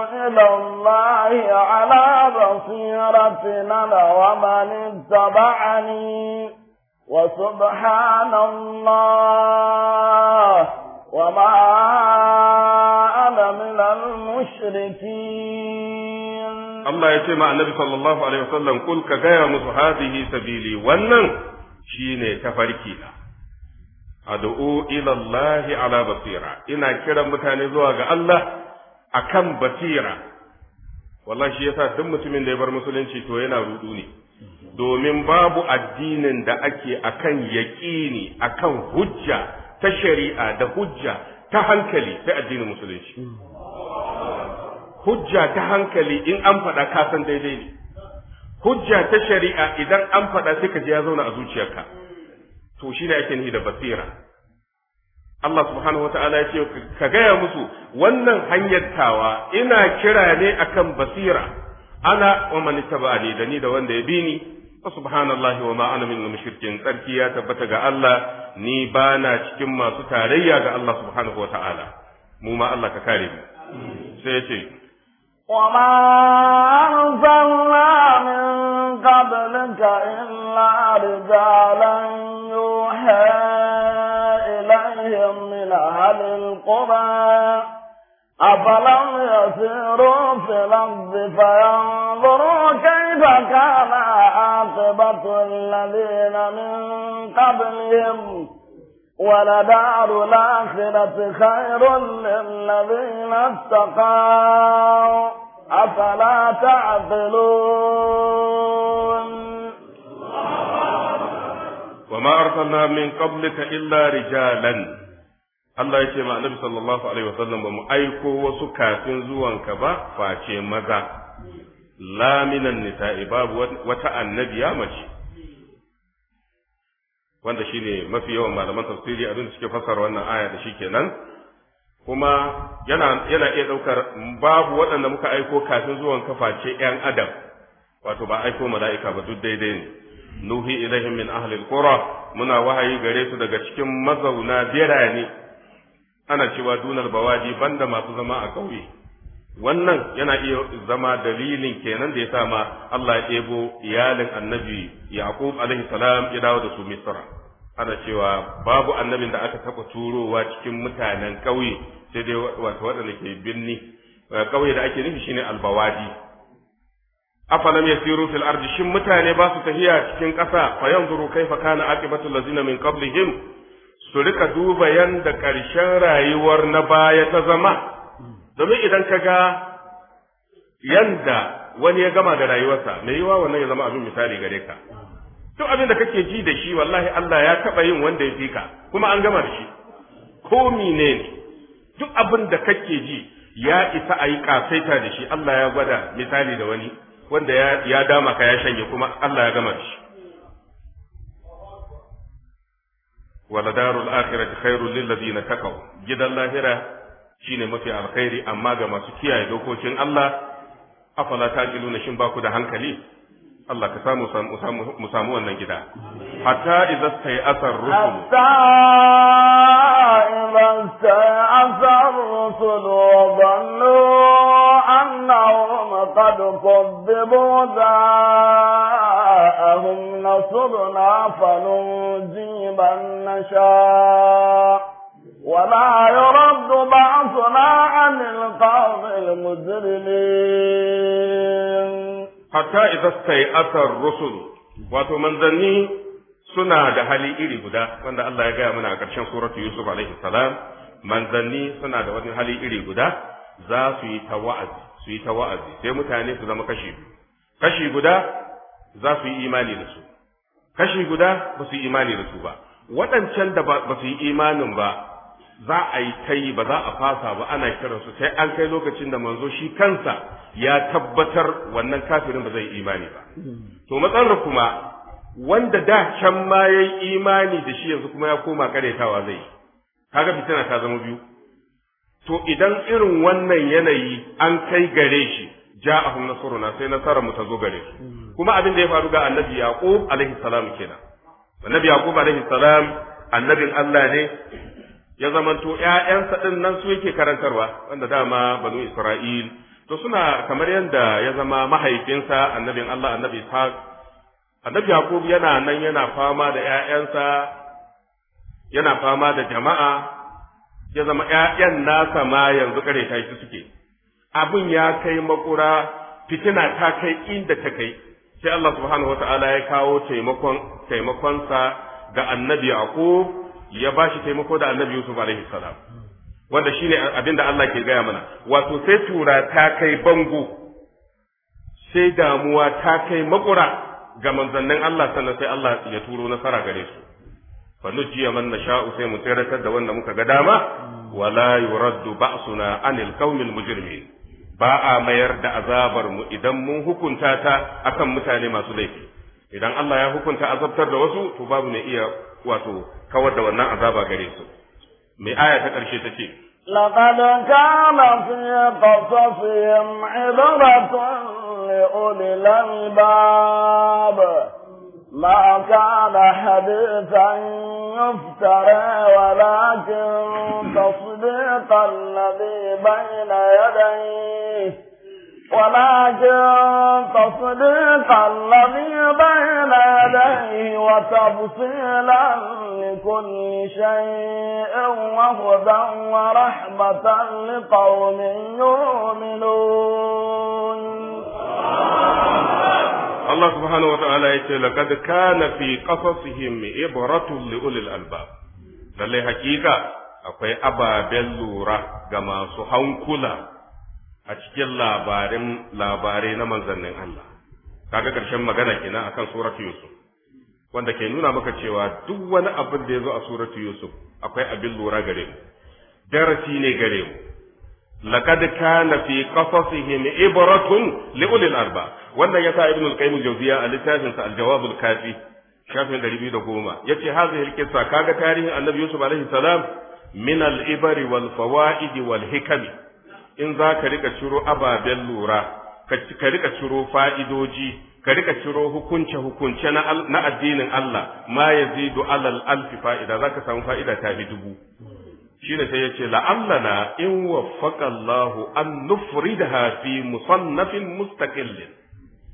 إلى الله على بصيرة أنا ومن اتبعني وسبحان الله وما أنا من المشركين الله يسمع النبي صلى الله عليه وسلم قل كجاي مصحابه سبيلي ونن shine tafarki na ad'u ila Allah ala basira ina kiran mutane zuwa ga Allah akan basira wallahi shi yasa duk mutumin da ya bar musulunci to yana rudu ne domin babu addinin da ake akan yaqini akan hujja ta shari'a da hujja ta hankali sai addinin musulunci hujja ta hankali in an faɗa kasan daidai ne hujja ta shari'a idan an faɗa sai ka ya zauna a zuciyarka to shi ne ake nufi da basira Allah subhanahu wata'ala ya ce ka gaya musu wannan hanyar tawa ina kira ne akan basira ana wa man tabani da ni da wanda ya bi ni subhanallahi wa ma ana min mushrikin tsarki ya tabbata ga Allah ni bana cikin masu tarayya ga Allah subhanahu wata'ala mu ma Allah ka kare mu sai ya وما أرسلنا من قبلك إلا رجالا يوحى إليهم من أهل القرى أفلم يسيروا في الأرض فينظروا كيف كان عاقبة الذين من قبلهم ولدار الآخرة خير للذين اتقوا أفلا تعقلون وما أرسلنا من قبلك إلا رجالا الله يكيم النبي صلى الله عليه وسلم أيكو وسكا زوان كبا فاشي مذا لا من النساء باب وتأ النبي يا مشي wanda shine mafi yawan malaman tafsiri abin da suke fassara wannan aya da shi kenan kuma yana iya ɗaukar babu waɗanda muka aiko kafin zuwan kaface yan adam wato ba aiko mala'ika ba duk daidai ne nuhi ilaihim min ahli alqura muna wahayi gare su daga cikin mazauna birane ana cewa dunar bawaji banda masu zama a ƙauye wannan yana iya zama dalilin kenan da ya sa ma Allah ya ɗebo iyalin annabi Yaqub alaihi salam ya dawo da su Misra ana cewa babu annabin da aka taɓa turowa cikin mutanen ƙauye sai dai wato waɗanda ke binni ƙauye da ake nufi shine albawadi afalam yasiru fil ardi shin mutane ba su tafiya cikin ƙasa fa yanzuru kaifa kana aqibatu allazina min qablihim su rika duba yanda ƙarshen rayuwar na baya ta zama domin idan ka ga yanda wani ya gama da rayuwarsa mai yiwa wannan ya zama abin misali gare ka duk abin da kake ji da shi wallahi Allah ya taɓa yin wanda ya fi ka kuma an gama da shi ko mine ne duk abin da kake ji ya isa a yi kafaita da shi Allah ya gwada misali da wani wanda ya dama ka ya shanye kuma Allah ya gama da shi ولدار الآخرة خير للذين تقوا gidan lahira. shine mafi alkhairi amma ga masu kiyaye dokokin Allah afala taqiluna shin baku da hankali Allah ka samu mu samu wannan gida hatta idza sai asar rusul hatta idza sai asar rusul wa dhannu annahum qad kadzabu ahum nasruna falunjiban nasha ولا يرد بأسنا عن القوم المجرمين حتى إذا استيأس الرسل wato manzanni suna da hali iri guda wanda Allah ya gaya mana a ƙarshen suratu Yusuf alaihi salam manzanni suna da wani hali iri guda za su yi ta wa'azi su yi ta wa'azi sai mutane su zama kashi kashi guda za su yi imani da su kashi guda ba su yi imani da su ba waɗancan da ba su yi imanin ba za a yi ta yi ba za a fasa ba ana kiransu sai an kai lokacin da manzo shi kansa ya tabbatar wannan kafirin ba zai imani ba to matsalar kuma wanda da can ma ya yi imani da shi yanzu kuma ya koma karetawa zai kaga fitina ta zama biyu to idan irin wannan yanayi an kai gare shi ja'ahum nasruna sai nasarar mu ta zo gare su kuma abin da ya faru ga annabi yaqub alaihi salam kenan annabi yaqub alaihi salam annabin Allah ne ya zamanto ‘ya'yansa ɗin nan su yake karantarwa wanda dama banu Isra'il, to suna kamar yadda ya zama mahaifinsa annabin Allah annabi Ishaq, annabi Yaqub yana nan yana fama da ‘ya'yansa, yana fama da jama'a, ya zama ‘ya'yan nasa ma yanzu kare ta shi suke. Abin ya kai makura fitina ta kai inda ta kai, sai Allah subhanahu wa ta'ala ya kawo taimakon taimakonsa ga annabi Yaqub ya ba shi taimako da annabi yusuf alaihi salam wanda shine abin da Allah ke gaya mana wato sai tura ta kai bango sai damuwa ta kai makura ga manzannin Allah sannan sai Allah ya turo nasara gare su fa nujiya man nasha'u sai mu tsiratar da wanda muka ga dama wala yuraddu ba'suna anil qaumil mujrimin ba a mayar da azabar mu idan mun hukunta ta akan mutane masu laifi idan Allah ya hukunta azabtar da wasu to babu mai iya wato kawar da wannan azaba gare su mai aya ta karshe ta ce لقد كان في قصصهم عبرة لأولي الألباب ما كان حديثا يفترى ولكن تصديق الذي بين يديه ولكن تصديق الذي بين يديه وتفصيلا لكل شيء وهدى ورحمة لقوم يؤمنون الله سبحانه وتعالى يقول لقد كان في قصصهم عبرة لأولي الألباب للي حقيقة أبا بلورة كما سحنكلا a cikin labarin labarai na manzannin Allah kaga ƙarshen magana kenan akan suratu Yusuf wanda ke nuna maka cewa duk wani abin da ya zo a suratu Yusuf akwai abin lura gare mu darasi ne gare mu laqad kana fi qasasihim ibratun li ulil arba wannan sa ibnu al-qayyim al-jawziya a littafin sa al-jawab al-kafi shafin 210 yace hadhihi al-qissa kaga tarihin annabi Yusuf alaihi salam min al-ibari wal fawa'idi wal hikami in za ka rika ciro ababen lura ka rika ciro fa'idoji ka rika ciro hukunce hukunce na addinin Allah ma yazidu alal alfi fa'ida za ka samu fa'ida ta fi dubu shi da sai ya ce la'allana in waffaka Allah an da hafi musannafin mustaƙillin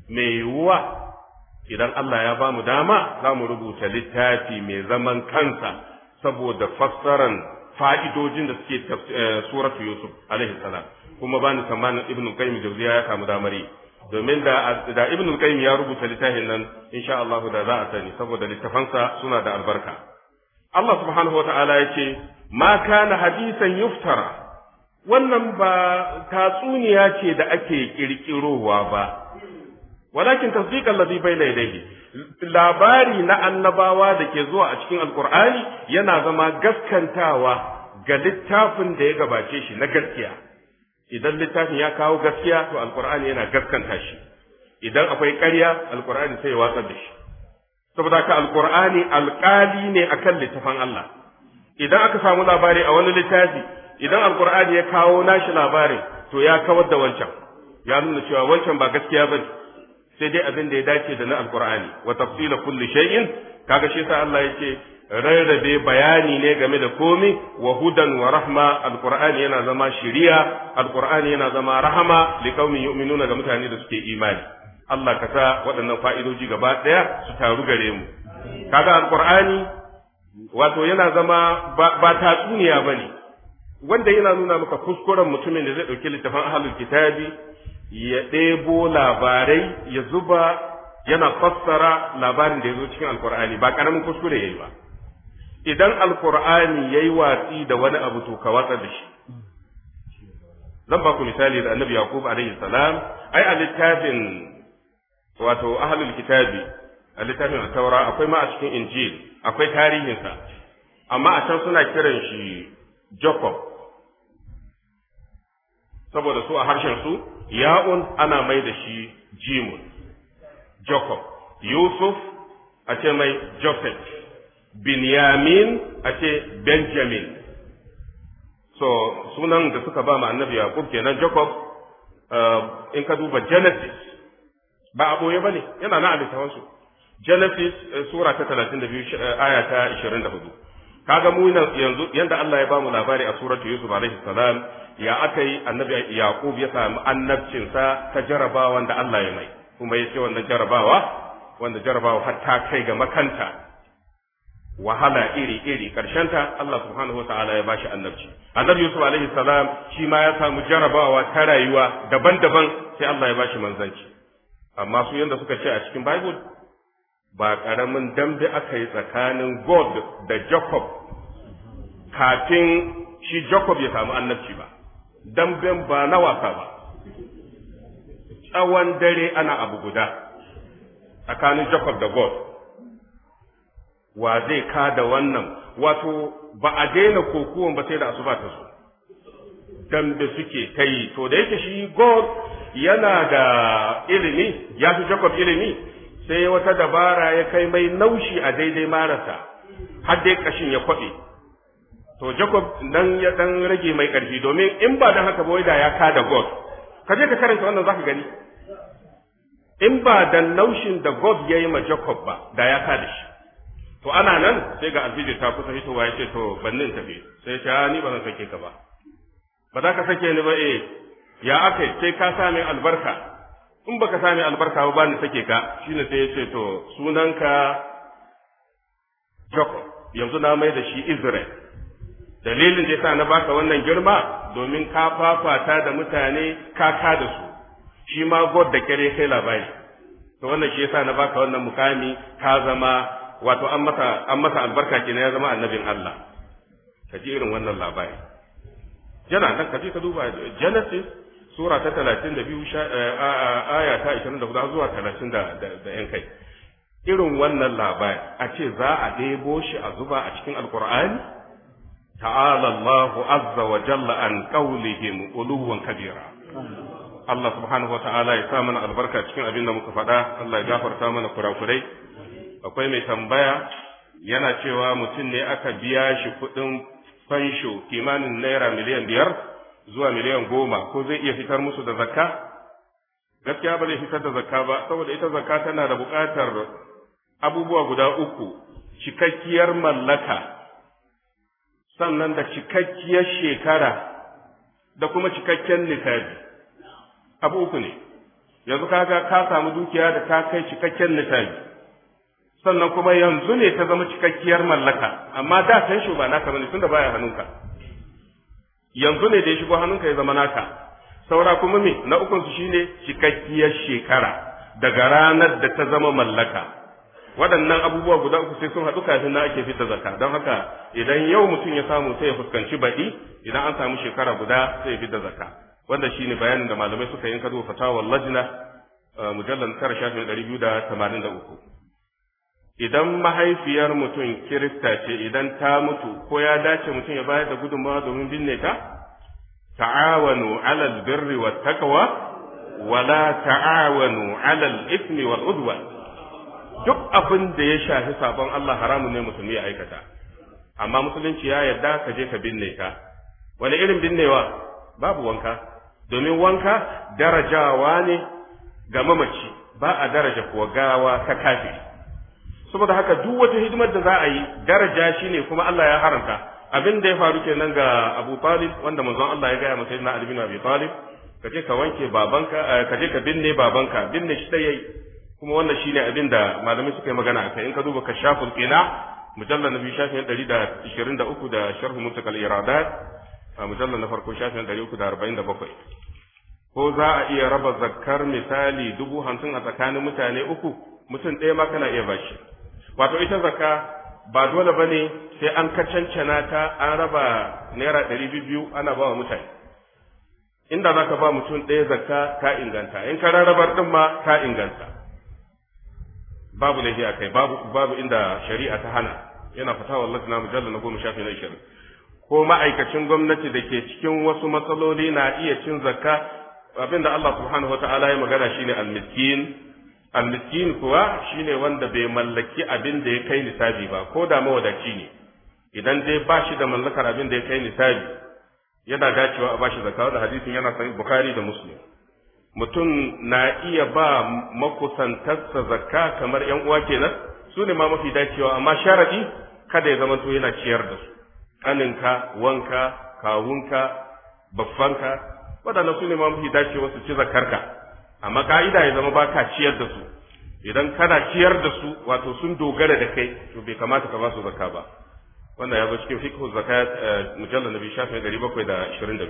me yiwuwa idan Allah ya ba mu dama za mu rubuta littafi mai zaman kansa saboda fassaran fa'idojin da suke eh, suratu Yusuf alaihi salam kuma bani tsammanin ibnu Qayyim Jawziya ya samu damari. domin da da ibnu Qayyim ya rubuta littafin nan insha Allah da za a sani saboda littafansa suna da albarka Allah subhanahu wata'ala ya ce ma kana hadisan yuftara wannan ba tatsuniya ce da ake kirkirowa ba walakin tasdiqan ladhi bayna yadayhi labari na annabawa da ke zuwa a cikin alkur'ani yana zama gaskantawa ga littafin da ya gabace shi na gaskiya idan littafin ya kawo gaskiya to alkur'ani yana gaskanta shi idan akwai ƙarya alkur'ani sai ya watsar da shi saboda ka alkur'ani alƙali ne akan littafin Allah idan aka samu labari a wani littafi idan alkur'ani ya kawo nashi labarin to ya kawar da wancan ya nuna cewa wancan ba gaskiya bane sai dai abin da ya dace da na alkur'ani wa tafsila kulli shay'in kaga shi sa Allah yake rarrabe bayani ne game da komi wa hudan wa rahma alkur'ani yana zama shiriya alkur'ani yana zama rahama liqaumin yu'minuna ga mutane da suke imani Allah ka sa waɗannan fa'idoji gaba ɗaya su taru gare mu kaga alkur'ani wato yana zama ba tatsuniya bane wanda yana nuna maka kuskuren mutumin da zai ɗauki littafin ahlul kitabi ya ɗebo labarai ya zuba yana fassara labarin da ya zo cikin alkur'ani ba ƙaramin kuskure ya yi ba idan alkur'ani ya yi watsi da wani abu to ka watsa da shi zan ba ku misali da annabi yaqub alayhi salam ai a littafin wato ahlul kitabi a littafin taura akwai ma a cikin injil akwai tarihinsa amma a can suna kiran shi jacob saboda su a harshen su ya'un ana mai da shi jimun jacob yusuf a ce mai joseph binyamin a ce benjamin so sunan da suka ba ma annabi yaqub kenan jacob uh, in ka duba genesis ba a boye ba ne yana na tawansu. genesis uh, sura ta 32 uh, aya ta 24 kaga mu yanzu yanda Allah ya ba mu labari a suratu yusuf alaihi salam ya aka yi annabi yaqub ya sami annabcinsa ta jarabawan da Allah ya mai kuma ya ce wannan jarabawa wanda jarabawa har ta kai ga makanta wahala iri iri karshenta Allah subhanahu wataala ya bashi annabci annabi yusuf alaihi salam shi ma ya samu jarabawa ta rayuwa daban-daban sai Allah ya bashi manzanci amma su yanda suka ce a cikin bible ba karamin dambe aka yi tsakanin god da jacob kafin shi jacob ya samu annabci ba damben ba na wasa ba tsawon dare ana abu guda tsakanin Jacob da God wa zai ka da wannan wato ba a daina kokuwan ba sai da asuba ta so dambe suke ta yi to da yake shi God yana da ilimi ya fi Jacob ilimi sai wata dabara ya kai mai naushi a daidai marasa har dai ƙashin ya kwaɓe to Jacob dan ya dan rage mai karfi domin in ba dan haka ba da ya ka da God ka je ka karanta wannan zaka gani in ba dan naushin da God ya yi ma Jacob ba da ya ka da shi to ana nan sai ga alfijir ta kusa hitowa ya ce to bannin tafi sai ya ah, ni ba zan sake ka ba ba za ka sake ni ba eh ya aka sai ka sami albarka in baka sami albarka ba ni sake ka shine sai ya ce to sunanka Jacob yanzu na mai da shi Israel dalilin da yasa na baka wannan girma domin ka fafata da mutane ka ka da su shi ma god da kare kai labari to wannan shi yasa na baka wannan mukami ka zama wato an masa an masa albarka kenan ya zama annabin Allah ka ji irin wannan labari jana nan ka ji ka duba Genesis sura ta 32 eh, aya ta 24 zuwa 30 da yan kai irin wannan labari a ce za a debo shi a zuba a cikin alkur'ani Ta'alallahu Allah azza wa jalla an qawlihim uluwan kabira Allah subhanahu wa ta'ala ya sa mana albarka cikin abin da muka faɗa Allah ya gafarta mana kurakurai akwai mai tambaya yana cewa mutum ne aka biya shi kuɗin fansho kimanin naira miliyan biyar zuwa miliyan goma ko zai iya fitar musu da zakka gaskiya ba zai fitar da zakka ba saboda ita zakka tana da buƙatar abubuwa guda uku cikakkiyar mallaka sannan da cikakkiyar shekara da kuma cikakken nikabi abu uku ne yanzu kaga ka samu dukiya da ta kai cikakken nikabi sannan kuma yanzu ne ta zama cikakkiyar mallaka amma da san shi ba naka bane tunda baya hannunka yanzu ne da ya shigo hannunka ya zama naka saura kuma me na ukun su shine cikakkiyar shekara daga ranar da ta zama mallaka waɗannan abubuwa guda uku sai sun haɗu kafin na ake fitar zakka don haka idan yau mutum ya samu sai ya fuskanci baɗi idan an samu shekara guda sai ya fitar zakka wanda shine bayanin da malamai suka yi kado fatawar lajina, mujallar tara shafin ɗari biyu da tamanin da uku idan mahaifiyar mutum kirista ce idan ta mutu ko ya dace mutum ya bayar da gudunmawa domin binne ta ta'awanu alal birri wa takawa wala ta'awanu alal ismi wal udwa. duk abin da ya shafi sabon Allah haramun ne musulmi ya aikata amma musulunci ya yarda ka je ka binne ka wani irin binnewa babu wanka domin wanka darajawa ne ga mamaci ba a daraja kuwa gawa ta kafi. saboda haka duk wata hidimar da za a yi daraja shi ne kuma Allah ya haramta abin da ya faru kenan ga Abu Talib wanda manzon Allah ya gaya masa sayyidina Ali Abi Talib eh, ka je ka binne babanka binne shi ta yayi kuma wannan shine abin da malamai suka yi magana kai in ka duba ka ƙina mujallar na biyu shafin ɗari da da da uku sharhu muntakal iradat a mujallar na farko shafin bakwai, ko za a iya raba zakkar misali dubu hamsin a tsakanin mutane uku mutum ɗaya ma kana iya bashi wato ita zakka ba dole ba ne sai an kacancana ta an raba naira ɗari biyu ana ba wa mutane inda za ka ba mutum ɗaya zakka ka inganta in ka rarrabar ɗin ma ka inganta babu laifi a kai babu inda shari'a ta hana yana fata wallahi na mujalla na goma shafi na ishirin ko ma'aikacin gwamnati da ke cikin wasu matsaloli na iya cin zakka abinda Allah subhanahu wataala ya magana shine almiskin almiskin kuwa shine wanda bai mallaki abin da ya kai nisabi ba ko da mawadaci ne idan dai ba shi da mallakar abin da ya kai nisabi yana dacewa a ba shi zakka da hadisin yana sahih bukhari da muslim mutum na iya ba makusantarsa zakka kamar ‘yan uwa kenan su ne ma mafi dacewa amma sharaɗi kada ya zama to yana ciyar da su ƙaninka wanka kawunka baffanka waɗannan su ne ma mafi dacewa su ci zakarka amma ka'ida ya zama ba ka ciyar da su idan kana ciyar da su wato sun dogara da kai to bai kamata ka ba su zakka ba wannan ya zo cikin fiqh zakat eh, mujallal nabi shafi biyu.